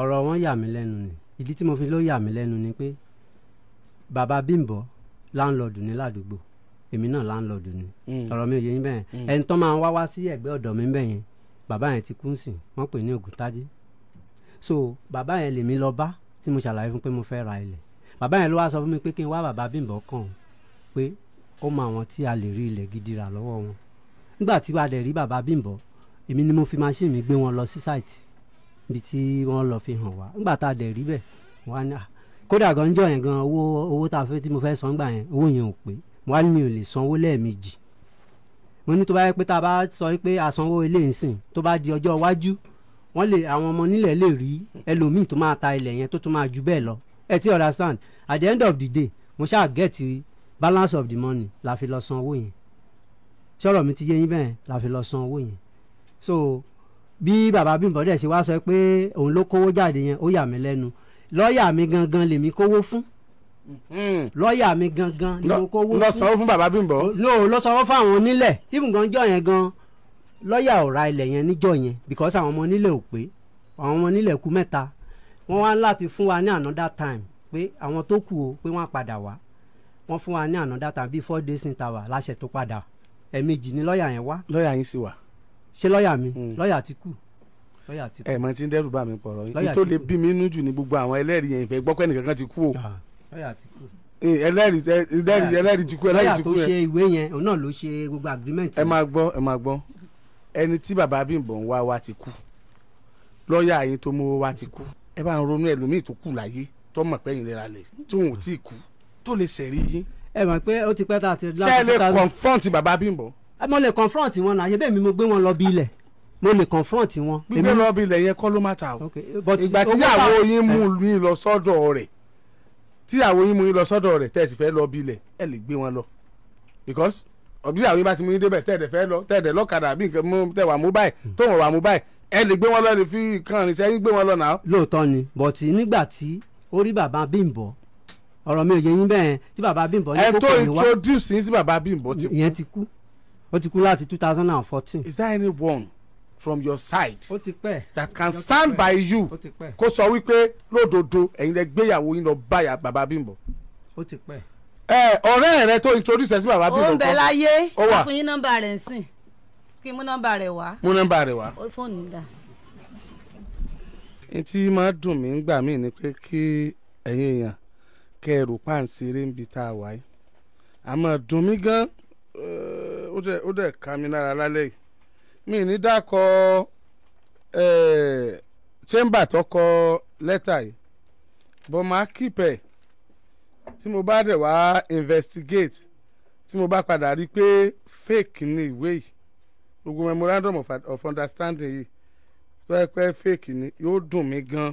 ọ̀rọ̀ wọn yà mí lẹ́nu ni ìdí tí mo fi ló yà mí lẹ́nu ni pé bàbá Bímbọ́ láńlọ́ọ̀dù ní ládùúgbò èmi náà láńlọ́ọ̀dù ni hmm. ọ̀rọ̀ mi ò yé yín bẹ́ẹ̀ hmm. ẹni tó máa ń wá wá sí ẹ̀gbẹ́ ọ̀dọ̀ mi bẹ́ẹ̀ yẹn bàbá yẹn ti kú sí wọ́n pè ní Ògúntádé so bàbá yẹn lèmi lọ bá tí mo ṣàlàyé fún pé mo fẹ́ ra ilẹ̀ bàbá yẹn ló wá sọ fún mi pé kí n wá bàbá Bímbọ́ kàn pé ó mọ àwọn tí a lè rí ilẹ̀ gidi rà lọ́wọ́ wọn nígbà tí wàá dẹ̀ rí bàbá Bímbọ́ èmi ni mo fi machine mi gbé wọn lọ sí site ibi tí wọ́n lọ fi hàn wá nígbà tá a dẹ̀ rí bẹ̀ wọ́n á ní ah, kódà gan jọ yẹn gan owó owó tá a fẹ́ tí mo fẹ́ san gbà yẹn owó yẹn ò pé wọ́n á ní mi ò lè sanwó lẹ́ẹ̀mejì mo ní tó bá yẹ pé tá a bá sọ pé àsanwó ilé ìsìn tó bá di ọjọ́ iwájú wọ́n lè àwọn ọmọ nílẹ̀ lè rí ẹlòmíì tó máa ta ilẹ̀ yẹn tó tún máa ju bẹ́ẹ̀ lọ ẹ ti understand at the end of the day mo ṣáà get balance of the money la fi lọ san owó yẹn ṣọ́rọ̀ mi ti yé yín bẹ́ẹ̀ la fi lọ san owó yẹn so bí bàbá Bímbọ́ dẹ̀ ṣe wá sọ pé òun ló kówó jáde yẹn ó yà mí lẹ́nu lọ́ọ̀yà mi gangan lèmi kówó fún Mm-hmm. lọ́ọ̀yà mi gangan ni mo kówó fún. lọ sanwó fún bàbá Bímbọ́. no lọ sanwó fún àwọn onílẹ̀ even gan jọ yẹn gan lọ́ọ̀yà ò ilẹ̀ yẹn níjọ yẹn because àwọn ọmọ onílẹ̀ ò pé àwọn ọmọ onílẹ̀ kú mẹ́ta wọ́n wá láti fún wa ní another time pé àwọn tó kù o pé wọ́n á padà wá wọ́n fún wa ní another time bíi four days in tower láṣẹ tó padà ẹ̀ẹ̀mejì ni lọ́ọ̀yà yẹn wá. lọ́ọ̀yà yín sì wà. ṣé lọ́ọ̀yà mi mm. lọ́ọ̀yà ti kú lọ́ọ̀yà ti kú. ẹ̀ tí ń dẹ́rù bá mi pọ̀rọ̀ yìí tó lè bí mi nínú ní gbogbo àwọn ẹlẹ́rìí yẹn ìfẹ́ gbọ́pẹ́ nìkan kan ti kú o. Ah ẹlẹ́rìí ẹlẹ́rìí ti kú ẹlẹ́rìí ti kú ẹ. lọ́yà tó ṣe ìwé yẹn òun náà ló ṣe gbogbo agreement. ẹ máa gbọ́ ẹ máa gbọ́ ẹni tí bàbá Bímbọ́ ń wá wa ti kú lọ́yà yín tó mú wa ti kú ẹ bá ń ronú ẹlòmíì tó kù láyé tó mọ̀ pé ìlera lẹ̀ tó ń tí ì kú tó lè sẹ̀rí yín. ẹ mọ̀ pé ó ti pẹ́ tá a ti. ṣé ẹ lè confront bàbá Bímbọ́. ẹ mo lè confront wọn náà bí mo lè confront wọn. gbígbé lọ bí ilẹ̀ yẹn kọ́ ló má ta o. ìgbà tí yàwó yín mú un eh. lọ sọ́dọ̀ rẹ̀ tí àwọn yín mú yín lọ sọ́dọ̀ rẹ̀ tẹ́ ẹ sì fẹ́ lọ bilẹ̀ ẹ lè gbé wọn lọ because ọ̀bí àwọn yín bá ti mú yín débẹ̀ tẹ́ ẹ̀dẹ̀ fẹ́ lọ tẹ́ ẹ̀dẹ̀ lọ́kadà bí nǹkan mú tẹ́ wà mú báyìí hmm. tó wọ̀n wà mú báyìí ẹ lè gbé wọn lọ lè fi kàn ní sẹ́yìn gbé wọn lọ náà. lóòótọ́ ni bọ̀tì nígbà tí ó bàbá Bímbọ́ ọ̀rọ̀ mi ò yẹ yín bẹ́ẹ̀ tí bàbá Bímbọ́ ní kókò ní wá ẹ tó introduce yín sí bàbá Bímbọ́ ti kú. ìyẹn ti kú ó ti kú láti two thousand and fourteen. is that any one from your side that can stand by you kó sọ wípé lódodo ẹ̀yin lẹ gbéyàwó yín lọ báyà bàbá bímbọ. ó ti pẹ́. ẹ ọ̀rẹ́ rẹ tó introduce ẹ sí bàbá bímbọ kan ó ń bẹ láyé ó wà fún yín nọ́mbà rẹ̀ ń sìn kí mú nọ́mbà rẹ̀ wá. mú nọ́mbà rẹ̀ wá. ó fóònù dà. etí máa dùn mí ngbà míì ni pé kí ẹ̀yin èèyàn kẹ́ ẹ rò páǹsì tá a wà yìí àmọ́ dùn mí gan-an ó dẹ̀ ká mi lára lálẹ́ yìí mi ní dákọ chamber tó kọ lẹ́tà yìí bó máa kípẹ̀ tí mo bá dẹ̀ wá investigate tí mo bá padà rí i pé fake ni ìwé yìí gbogbo memorandum of, of understanding yìí tó yẹ pé fake ni yóò dùn mí gan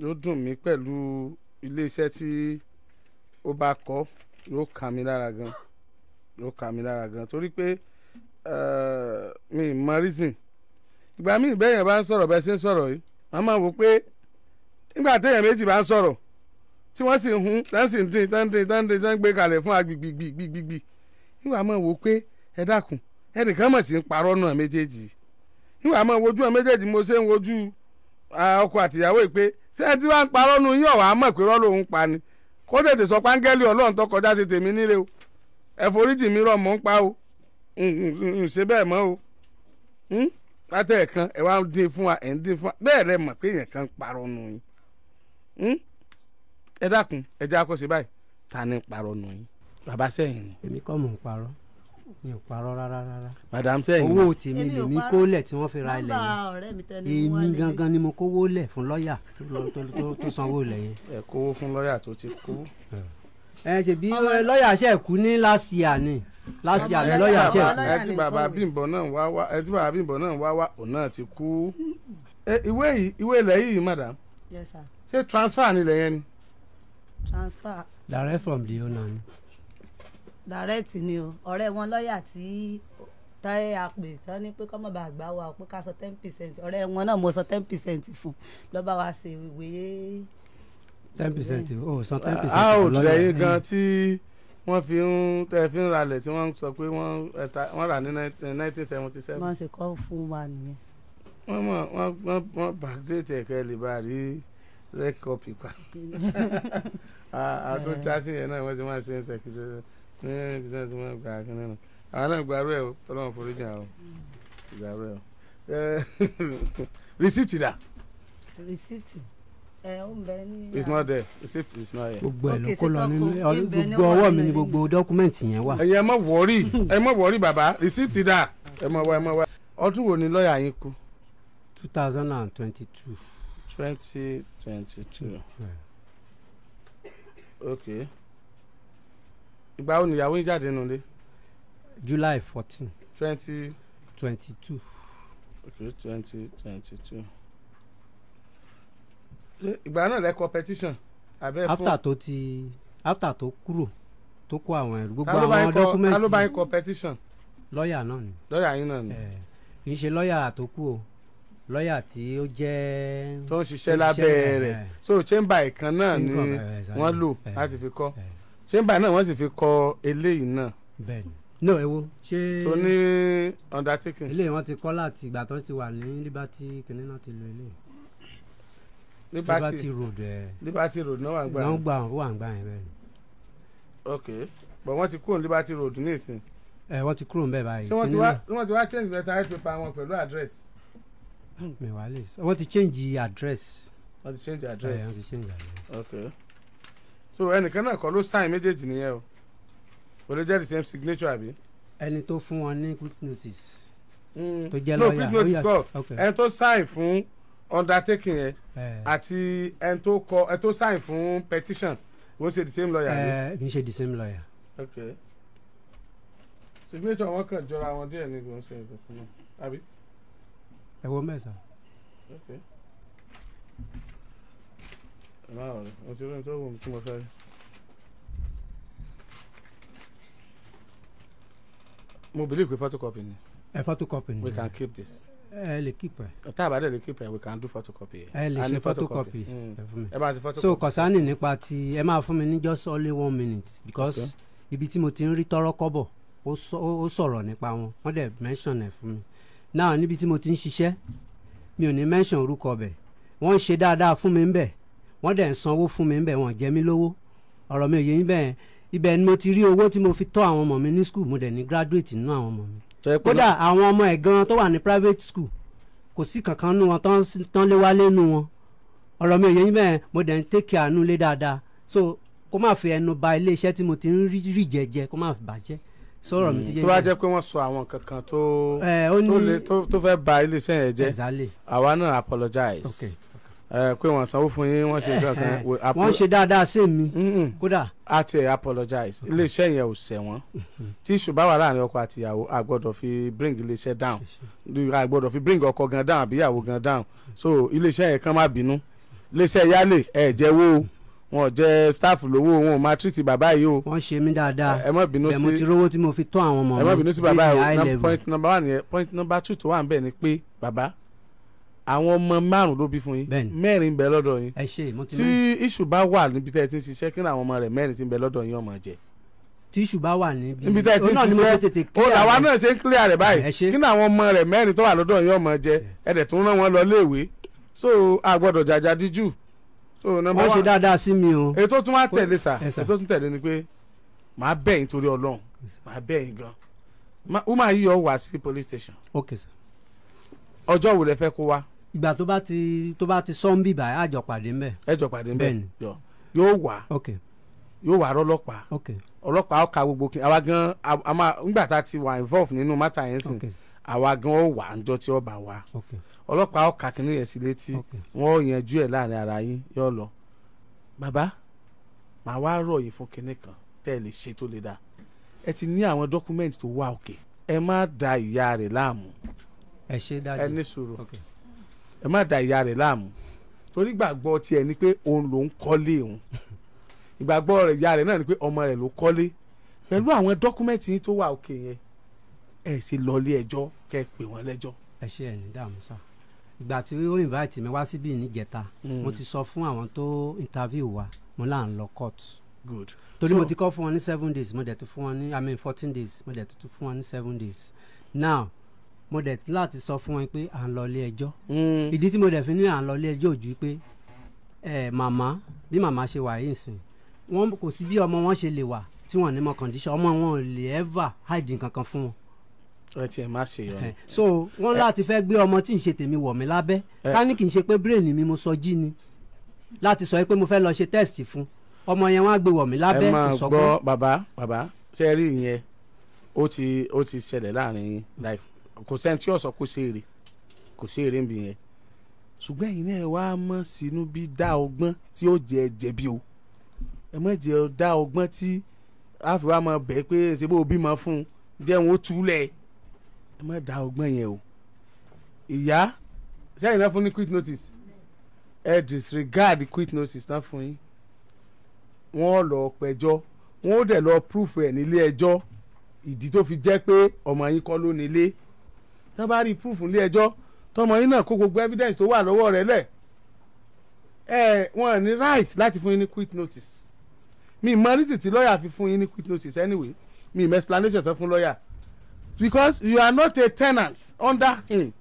yóò dùn mí pẹ̀lú iléeṣẹ́ tí ó bá kọ́ yóò kà mí lára gan yóò kà mí lára gan torí pé. Eh, mi mọ reason ìgbà míì bẹ́ẹ̀ bá ń sọ̀rọ̀ bẹ́ẹ̀ ṣe ń sọ̀rọ̀ yìí màá máa wò pé nígbà téèyàn méjì bá ń sọ̀rọ̀ tí wọ́n sì ń hun tán sì ń dín tán dín tán dín tán gbé kalẹ̀ fún agbègbègbègbègbè nígbà máa wò pé ẹ dákun ẹnìkan mọ̀ sí ń parọ́ méjèèjì nígbà máa wojú méjèèjì mo ṣe ń wojú àtìyàwó ẹ pé ṣé ẹ ti ń parọ́ mọ̀ pé n ṣe bẹ́ẹ̀ mọ́ o pátá hmm? ẹ̀ kan ẹ̀ wá dín fún wa ẹ̀ ń dín fún wa bẹ́ẹ̀ rẹ mọ̀ pé èèyàn kan parọ́ nù yín hmm? ẹ dákun ẹ jẹ́ àkọsí báyìí ta ni parọ́ nù yín bàbá sẹ́yìn ni. èmi kọ́ mò ń parọ́ mi ò parọ́ rárá rárá. madam sẹ́yìn owó tèmi lèmi kó lẹ̀ tí wọ́n fi ra ilẹ̀ yẹn èmi gangan ni mo kówó lẹ̀ fún lọ́ọ̀yà tó sanwó ilẹ̀ yẹn. ẹ kówó fún lọ́ọ̀yà tó ti kú. ẹ ṣèbí lọ́ọ̀yà ṣe kú ní last year ni láti àmì lọ́ọ̀yà ṣe. ẹ tí bàbá bímbọ́ náà wá wá ẹ tí bàbá bímbọ́ náà wá wá òun náà ti kú. ìwé yìí ìwé ilẹ̀ yìí madam. yes sir. ṣé transfer nílẹ̀ yẹn ni. transfer. direct from the owner ni. direct ni o ọ̀rẹ́ wọn lọ́ọ̀yà tí táyé àpè tán ní pé kọ́mọ̀bá àgbà wa pé ká sọ ten percent ọ̀rẹ́ wọn náà mo sọ ten percent fún lọ́ba wa ṣe ìwé. ten percent o san ten percent. a ò tilẹ̀ yín gan tí wọ́n fi ń tẹ́ fi ń ralẹ̀ tí wọ́n sọ pé wọ́n rà ní eh, nineteen seventy seven. wọ́n sì kọ́ fún wa nìyẹn. wọ́n mọ̀ wọ́n wọ́n wọ́n bàgẹ́tì ẹ̀kẹ́ lè bá a rí rẹ́kọ̀pì pa àtúntàṣì eh. yẹn náà wọ́n ti máa ṣe ń sẹ̀kí sẹ́sẹ̀ ní ibi tí wọ́n ti máa gbà á kínní náà àwọn náà gbàrú ẹ̀ ọlọ́run foríjì àwọn gbàrú ẹ̀ rìsíìtì dà. rìsíìtì it's not there receipt is not here. gbogbo ẹ ló kó lọ nínú gbogbo ọwọ́ mi ni gbogbo dọ́kúmẹ̀ntì yẹn wà. ẹ̀yin ẹ má wọrí ẹ má wọrí bàbá receipt dà ẹ má wá ẹ má wá. ọdún wo ni lọ́ọ̀yà yín kú. two thousand and twenty-two. twenty twenty-two ok ìgbà wo nìyàwó yín jáde nulẹ̀. july fourteen. twenty. twenty-two. ok twenty twenty-two ìgbà náà lẹ kọ petition after tó ti after tó kúrò tó kó àwọn ẹrù gbogbo àwọn document. ta ló bá yín kọ petition. lọ́ọ̀yà náà ni. lọ́ọ̀yà yín náà ni. kì í ṣe lọ́ọ̀yà tó kú o lọ́ọ̀yà tí ó jẹ́. tó ń ṣiṣẹ́ lábẹ́ rẹ̀ so chamber ìkan náà ni wọ́n lò láti fi kọ́ chamber náà wọ́n sì fi kọ eléyìí náà. bẹ́ẹ̀ni no ẹ wo ṣé. tó ní undertaking. ilé wọn ti kọ́ láti ìgbà tó ti wà ní liberty kìnínní ti lo ilé liberty road ẹ eh. liberty road náà wà ń gbà yẹn náà gbà wà ń gbà yẹn bẹ́ẹ̀. ok but wọ́n ti kúrò liberty road ní ìsìn. ẹ eh, wọ́n ti kúrò ń bẹ̀ báyìí. ṣé wọ́n ti wá wọ́n ti wá change letter paper wọn pẹ̀lú address. Ah, mi wà lè sọ wọ́n ti change address. wọ́n ti change eh, address. ẹ wọ́n ti change the address. ok so ẹnìkan náà kọ́ ló sign méjèèjì nìyẹn o kò lè jẹ́ the same signature àbí. ẹni tó fún wọn ní quick notice. Hmm. tó jẹ́ lọ́ọ̀yà no quick notice oh, kọ́ ẹni tó sign fún undertaking yẹn eh. àti ẹni tó kọ ẹni tó sign fún petition wọ́n ṣe the same lawyer. ẹ eh, kì í ṣe the same lawyer. okay signature wọn kàn jọra wọn díẹ̀ ní ìgbọ̀n ṣe ìgbọ̀n náà àbí. ẹ wo mẹ́sàn. okay. ẹ má wọlé mo ti rí ohun tó wù mí tí mo fẹ́ rí. mo believe pé photocopy ni. ẹ eh, photocopy ni. we can keep this ẹ lè keep ẹ. tá a bá we can do photocopy. ẹ lè ṣe photocopy mm. ẹ bá ṣe photocopy. so kọ̀sánì nípa ti ẹ máa fún mi ní just only one minute because okay. ibi tí mo ti ń rí tọrọ kọ́bọ̀ ó sọ̀rọ̀ nípa wọn wọ́n dẹ̀ mention ẹ̀ fún mi now níbi tí mo ti ń ṣiṣẹ́ mi ò ní mention orúkọ bẹ̀ wọ́n ń ṣe dáadáa fún mi ń bẹ̀ wọ́n dẹ̀ ń sanwó fún mi ń bẹ̀ wọ́n jẹ mí lówó ọ̀rọ̀ mi ò yẹ ibẹ̀ ni mo ti rí owó tí mo fi tọ́ àwọn ọmọ mi ní school mo dẹ̀ ní graduate nínú àwọn ọmọ mi kódà àwọn ọmọ ẹ̀ gan tó wà ní private school kò sí kankan nu wọn tán lé wálé nu wọn ọ̀rọ̀ mi ò yẹ yín bẹ́ẹ̀ mo dẹ̀ ń tẹ́kẹ̀ àánú lé dáadáa so kó má fi ẹnu ba iléeṣẹ́ tí mo ti ń rí jẹjẹ kó má bàjẹ́ sọ̀rọ̀ mi ti jẹ́ hmm. tó bá jẹ́ pé wọ́n sọ àwọn kankan eh, tó tó fẹ́ ba iléeṣẹ́ yẹn jẹ́ àwa náà apologize ẹ pé wọn sanwó fún yín wọn ṣe kankan. wọn ṣe dáadáa sí mi kódà. a ti apologize iléeṣẹ́ yẹn ò ṣẹ̀wọ̀n tí ṣùgbọ́n wà láàrin ọkọ àti ìyàwó a gbọ́dọ̀ fi bring iléeṣẹ́ down a gbọ́dọ̀ fi bring ọkọ gan down àbí ìyàwó gan down so iléeṣẹ́ yẹn kàn má bínú iléeṣẹ́ yálè ẹ̀ jẹ́wọ́ o wọn jẹ staff lówó wọn ò máa treat bàbá yìí o. wọn ṣe mí dáadáa ẹ mọ bínú sí bẹ́ẹ̀ mo ti rówó tí mo fi tọ́ àwọn ọmọ mi ẹ mọ bínú sí bàbá yìí o point number one yẹn point number two tó wà ń bẹ̀ ni pé bàbá àwọn ọmọ márùn ló bí fún yín mẹ́rin bẹ lọ́dọ̀ yín tí iṣu bá wà níbi tẹ́ ti ń ṣiṣẹ́ kí ni àwọn ọmọ rẹ̀ mẹ́rin ti ń bẹ lọ́dọ̀ yín ọmọ jẹ. tí iṣu bá wà níbi níbi ti ń ṣiṣẹ́ ó làwa náà ṣe ń clear rẹ̀ báyìí kí ni àwọn ọmọ rẹ̀ mẹ́rin tó wà lọ́dọ̀ yín ọmọ jẹ ẹ̀dẹ̀ tó rán wọn lọ léèwé so a gbọ́dọ̀ jàjà díjú. wọ́n ṣe dáadáa sí mi o. ètò tún wá tẹ̀lé sà ètò tún tẹ̀lé ni pé màá bẹ̀ yín torí ọlọ́run màá bẹ̀ yín gan wọ́n máa yí ọ wá sí police station. ok sir. ọjọ́ wo lẹ fẹ́ kó wá ìgbà tó bá ti tó bá ti sọ́ńbì báyìí àjọ pàdé ńbẹ. ẹ jọ pàdé ńbẹ yóò wà yóò wà rọlọ́pàá ọlọ́pàá ọ̀ka gbogbo kí àwa gan a ńgbà tá a ti wà involve nínú mata yẹn sìn àwa gan ó wà ńjọ́ tí ó bá wà ọlọ́pàá ọ̀ka kìíní yẹn sí létí wọn ò yanjú ẹ̀ láàrin ara yín yóò lọ bàbá màá wá rọ̀ yìí fún kinní kan tẹ́ ẹ lè ṣe tó lè dáa ẹ ti ní àwọn dọ́kúmẹ́ǹtì tó wà òkè ẹ má da ìyá rẹ̀ láàmú ẹ ní sùúrù. Okay ẹ má da ìyá rẹ̀ láàmú torí gbàgbọ́ tiẹ̀ ni pé òun ló ń kọ́lé òun ìgbàgbọ́ rẹ̀ ìyá rẹ̀ náà ni pé ọmọ rẹ̀ ló kọ́lé pẹ̀lú àwọn dọ́kúmẹ́ǹtì yín tó wà òkè yẹn ẹ sì lọ ilé ẹjọ́ kẹ́ ẹ pè wọ́n lẹ́jọ́. ẹ ṣe ẹ ní dààmú sá ìgbà tí ó invite mi wá síbí níjẹta hmm. mo ti sọ fún àwọn tó interview wa mo là ń lọ court. good torí mo ti kọ́ fún wọn ní seven days mo dẹ̀ tún fún wọn ní i mean fourteen days mo dẹ̀ tún fún wọn ní seven days now mo dẹ̀ láti sọ fún wọn pé à ń lọ ilé ẹjọ́ hmm. ìdí tí mo dẹ̀ fi ní à ń lọ ilé ẹjọ́ ò ju pé màmá bí màmá ṣe wà yìí sìn wọn kò sí bí ọmọ wọn ṣe lè wà tí wọn ní mọ condition ọmọ wọn ò lè ever hide kankan fún wọn ẹ tiẹ̀ má ṣe yọ. so wọn láti fẹ́ gbé ọmọ tí ń ṣe tèmi wọ̀ mí lábẹ́ ká ní kì í ṣe pé brain mi mo sọ jí ni láti sọ pé mo fẹ́ lọ ṣe test fún ọmọ yẹn wọn á gbé wọ̀ mí lábẹ́ ìsọkún. ẹ máa gbọ́ bàbá bàbá ṣe rí ìyẹn ó ti ṣẹlẹ̀ láàrin life kò sẹ́ni tí ọ̀sọ́ kò ṣeré kò ṣeré ń bì yẹn ṣùgbọ́n ẹ̀yin náà wá mọ̀ sínú bí dá ọgbọ́n tí ó jẹ jẹ̀bi o ẹ mọ̀ jẹ́ dá ọgbọ́n tí àfi wá mọ̀ bẹ́ẹ̀ pé ṣe bó bímọ fún un jẹun ó túlẹ̀ ẹ mọ̀ dá ọgbọ́n yẹn o ìyá sẹ́yìn náà fún ní quick notice ẹ disregard quit notice náà fún yín wọ́n lọ pẹjọ́ wọ́n ó dẹ̀ lọ proof ẹ̀ nílé ẹjọ́ ìdí tó fi jẹ́ pé ọmọ yín kọ́ ló nílé tí wọ́n bá rí proof nílé ẹjọ́ tọmọ yín náà kó gbogbo evidence tó wà lọ́wọ́ rẹ̀ lẹ̀ ẹ wọn ní right láti fún yín ní quit notice mi mọ reason tí lọ́ọ̀yà fi fún yín ní quit notice anyway mi mọ explanation tó fún lọ́ọ̀yà because you are not a tenant under him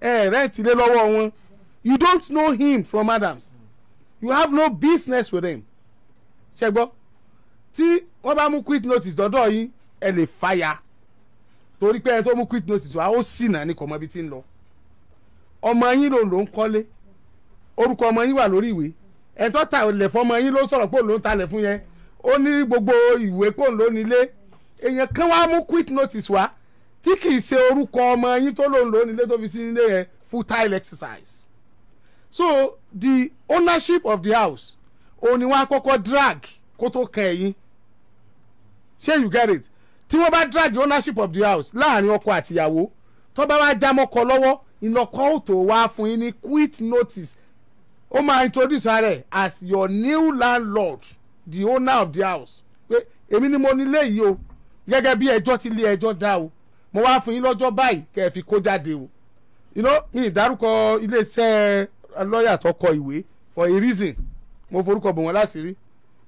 ẹ rẹ́ǹtì lé lọ́wọ́ wọn you don't know him from Adams you have no business with him ṣẹ́gbọ́ tí wọ́n bá mú quit notice dọ́dọ̀ yín ẹ lè fire torí pé ẹni tó mú quick notice wa ó sì náà ní kò mọ ibi tí ń lọ ọmọ yín ló ń lò ń kọ́lé orúkọ ọmọ yín wà lórí ìwé ẹni tó ta ilẹ̀ fọmọ yín ló sọ̀rọ̀ pé òun ló ń talẹ̀ fún yẹn ó ní gbogbo ìwé pé òun ló nílé èèyàn kan wá mú quick notice wa tí kì í ṣe orúkọ ọmọ yín tó lòun lò nílé tó fi sí nílé yẹn futile exercise so the ownership of the house òun ni wọn á kọ́kọ́ drag kó tó kàn ẹ̀yìn ṣé you get it tí wọ́n bá drag ownership of the house láàrin ọkọ àtìyàwó tó bá wá jámọ́kọ lọ́wọ́ ìlọ́kọ́ ò tó wá fún yín ní quit notice ó máa introduce rẹ̀ as your new landlord the owner of the house pé èmi ni mo nílé yìí o gẹ́gẹ́ bí ẹjọ́ ti lé ẹjọ́ dá o mo wá fún yín lọ́jọ́ báyìí kẹ́ ẹ fi kó jáde o you know mi ìdárúkọ iléeṣẹ́ lọ́ọ̀yà tó kọ ìwé for a reason mo forúkọ bò wọ́n láṣìírí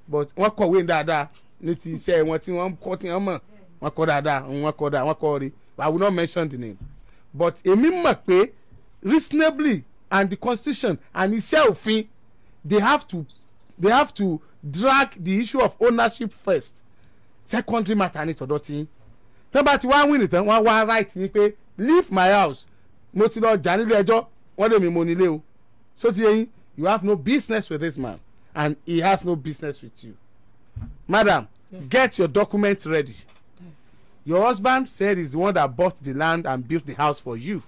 but wọ́n kọ̀wé dáadáa ní ti iṣẹ́ wọn tí wọ́n kọ́ tí wọ́n mọ̀ wọ́n kọ dáadáa wọ́n kọ dáa wọ́n kọ rí i will not mention the name but èmi mọ̀ pé reasonably and the constitution and iṣẹ́ òfin they have to they have to drag the issue of ownership first secondary matter ni tọ̀dọ̀ tí tán bá ti wá win tán wọ́n wá right ni pé leave my house mo ti lọ jà nílé ẹjọ́ wọ́n lè mi mo nílé o so ti yẹn you have no business with this man and he has no business with you madam yes. get your document ready your husband said he's the one that bought the land and built the house for you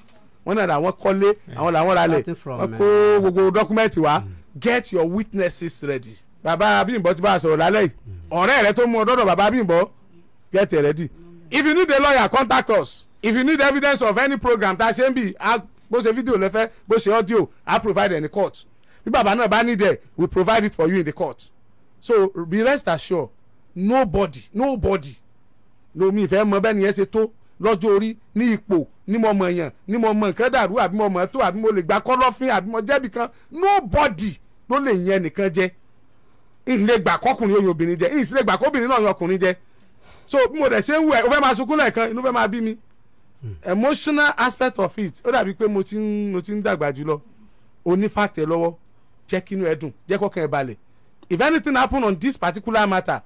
wọn náà làwọn kọ́lé àwọn làwọn ralẹ̀ wọn uh, kó gbogbo dọ́kúmẹ́ǹtì wá get your witnesses ready. bàbá Bímbọ́ ti bá a sọ̀rọ̀ lálẹ́ yìí mm. ọ̀rẹ́ rẹ tó mú ọ dọ́dọ̀ bàbá Bímbọ́ get it ready. if you need a lawyer contact us if you need evidence of any program tá a ṣe ń bì bó ṣe fídíò lẹ́fẹ́ bó ṣe ọ́díò i provide any court bí bàbá náà bá need it we provide it for you in the court so be rest assured nobody nobody lomi ìfẹ́ mọ bẹ́ẹ̀ nìyẹn ṣe tó lọ́jọ́ orí ní ipò ní mo mọ̀ èèyàn ní mo mọ̀ nǹkan dàrú àbí mo mọ̀ tó àbí mo lè gba kọ́lọ́fín àbí mo jẹ́bi kan nobody ló lè yẹn nìkan jẹ́ ìlè kọkùnrin oyè obìnrin jẹ ìsìlè gbà náà yọ ọkùnrin jẹ so bí mo dẹ̀ ṣe ń wẹ̀ o fẹ́ máa sunkún lẹ́ẹ̀kan inú fẹ́ máa bí mi emotional aspect of it ó dàbí pé mo ti ń mo ti ń dàgbà jùlọ onífàtẹ lọ́wọ́ jẹ́ kínú ẹ dùn jẹ́ kọ́kàn ẹ balẹ̀ if anything happen on this particular matter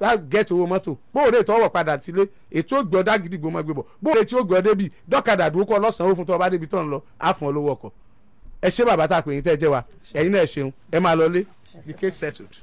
gẹ́ẹ̀tì owó mọ́tò bóòrè ètò ọwọ́ padà sílé ètò ògbọ́ dágídígbò mọ́ gbébọ̀ bóòrè tí ó gbọ́ débi dọ́kadà dúkọ́ lọ́sàn-án ó fún tọ́ bá débi tán lọ á fún ọ lówó ọkọ̀ ẹ ṣé bàbá tá a pè yín tẹ́ ẹ jẹ́ wa ẹ̀yin náà ẹ ṣeun ẹ máa lọ lé the case settled.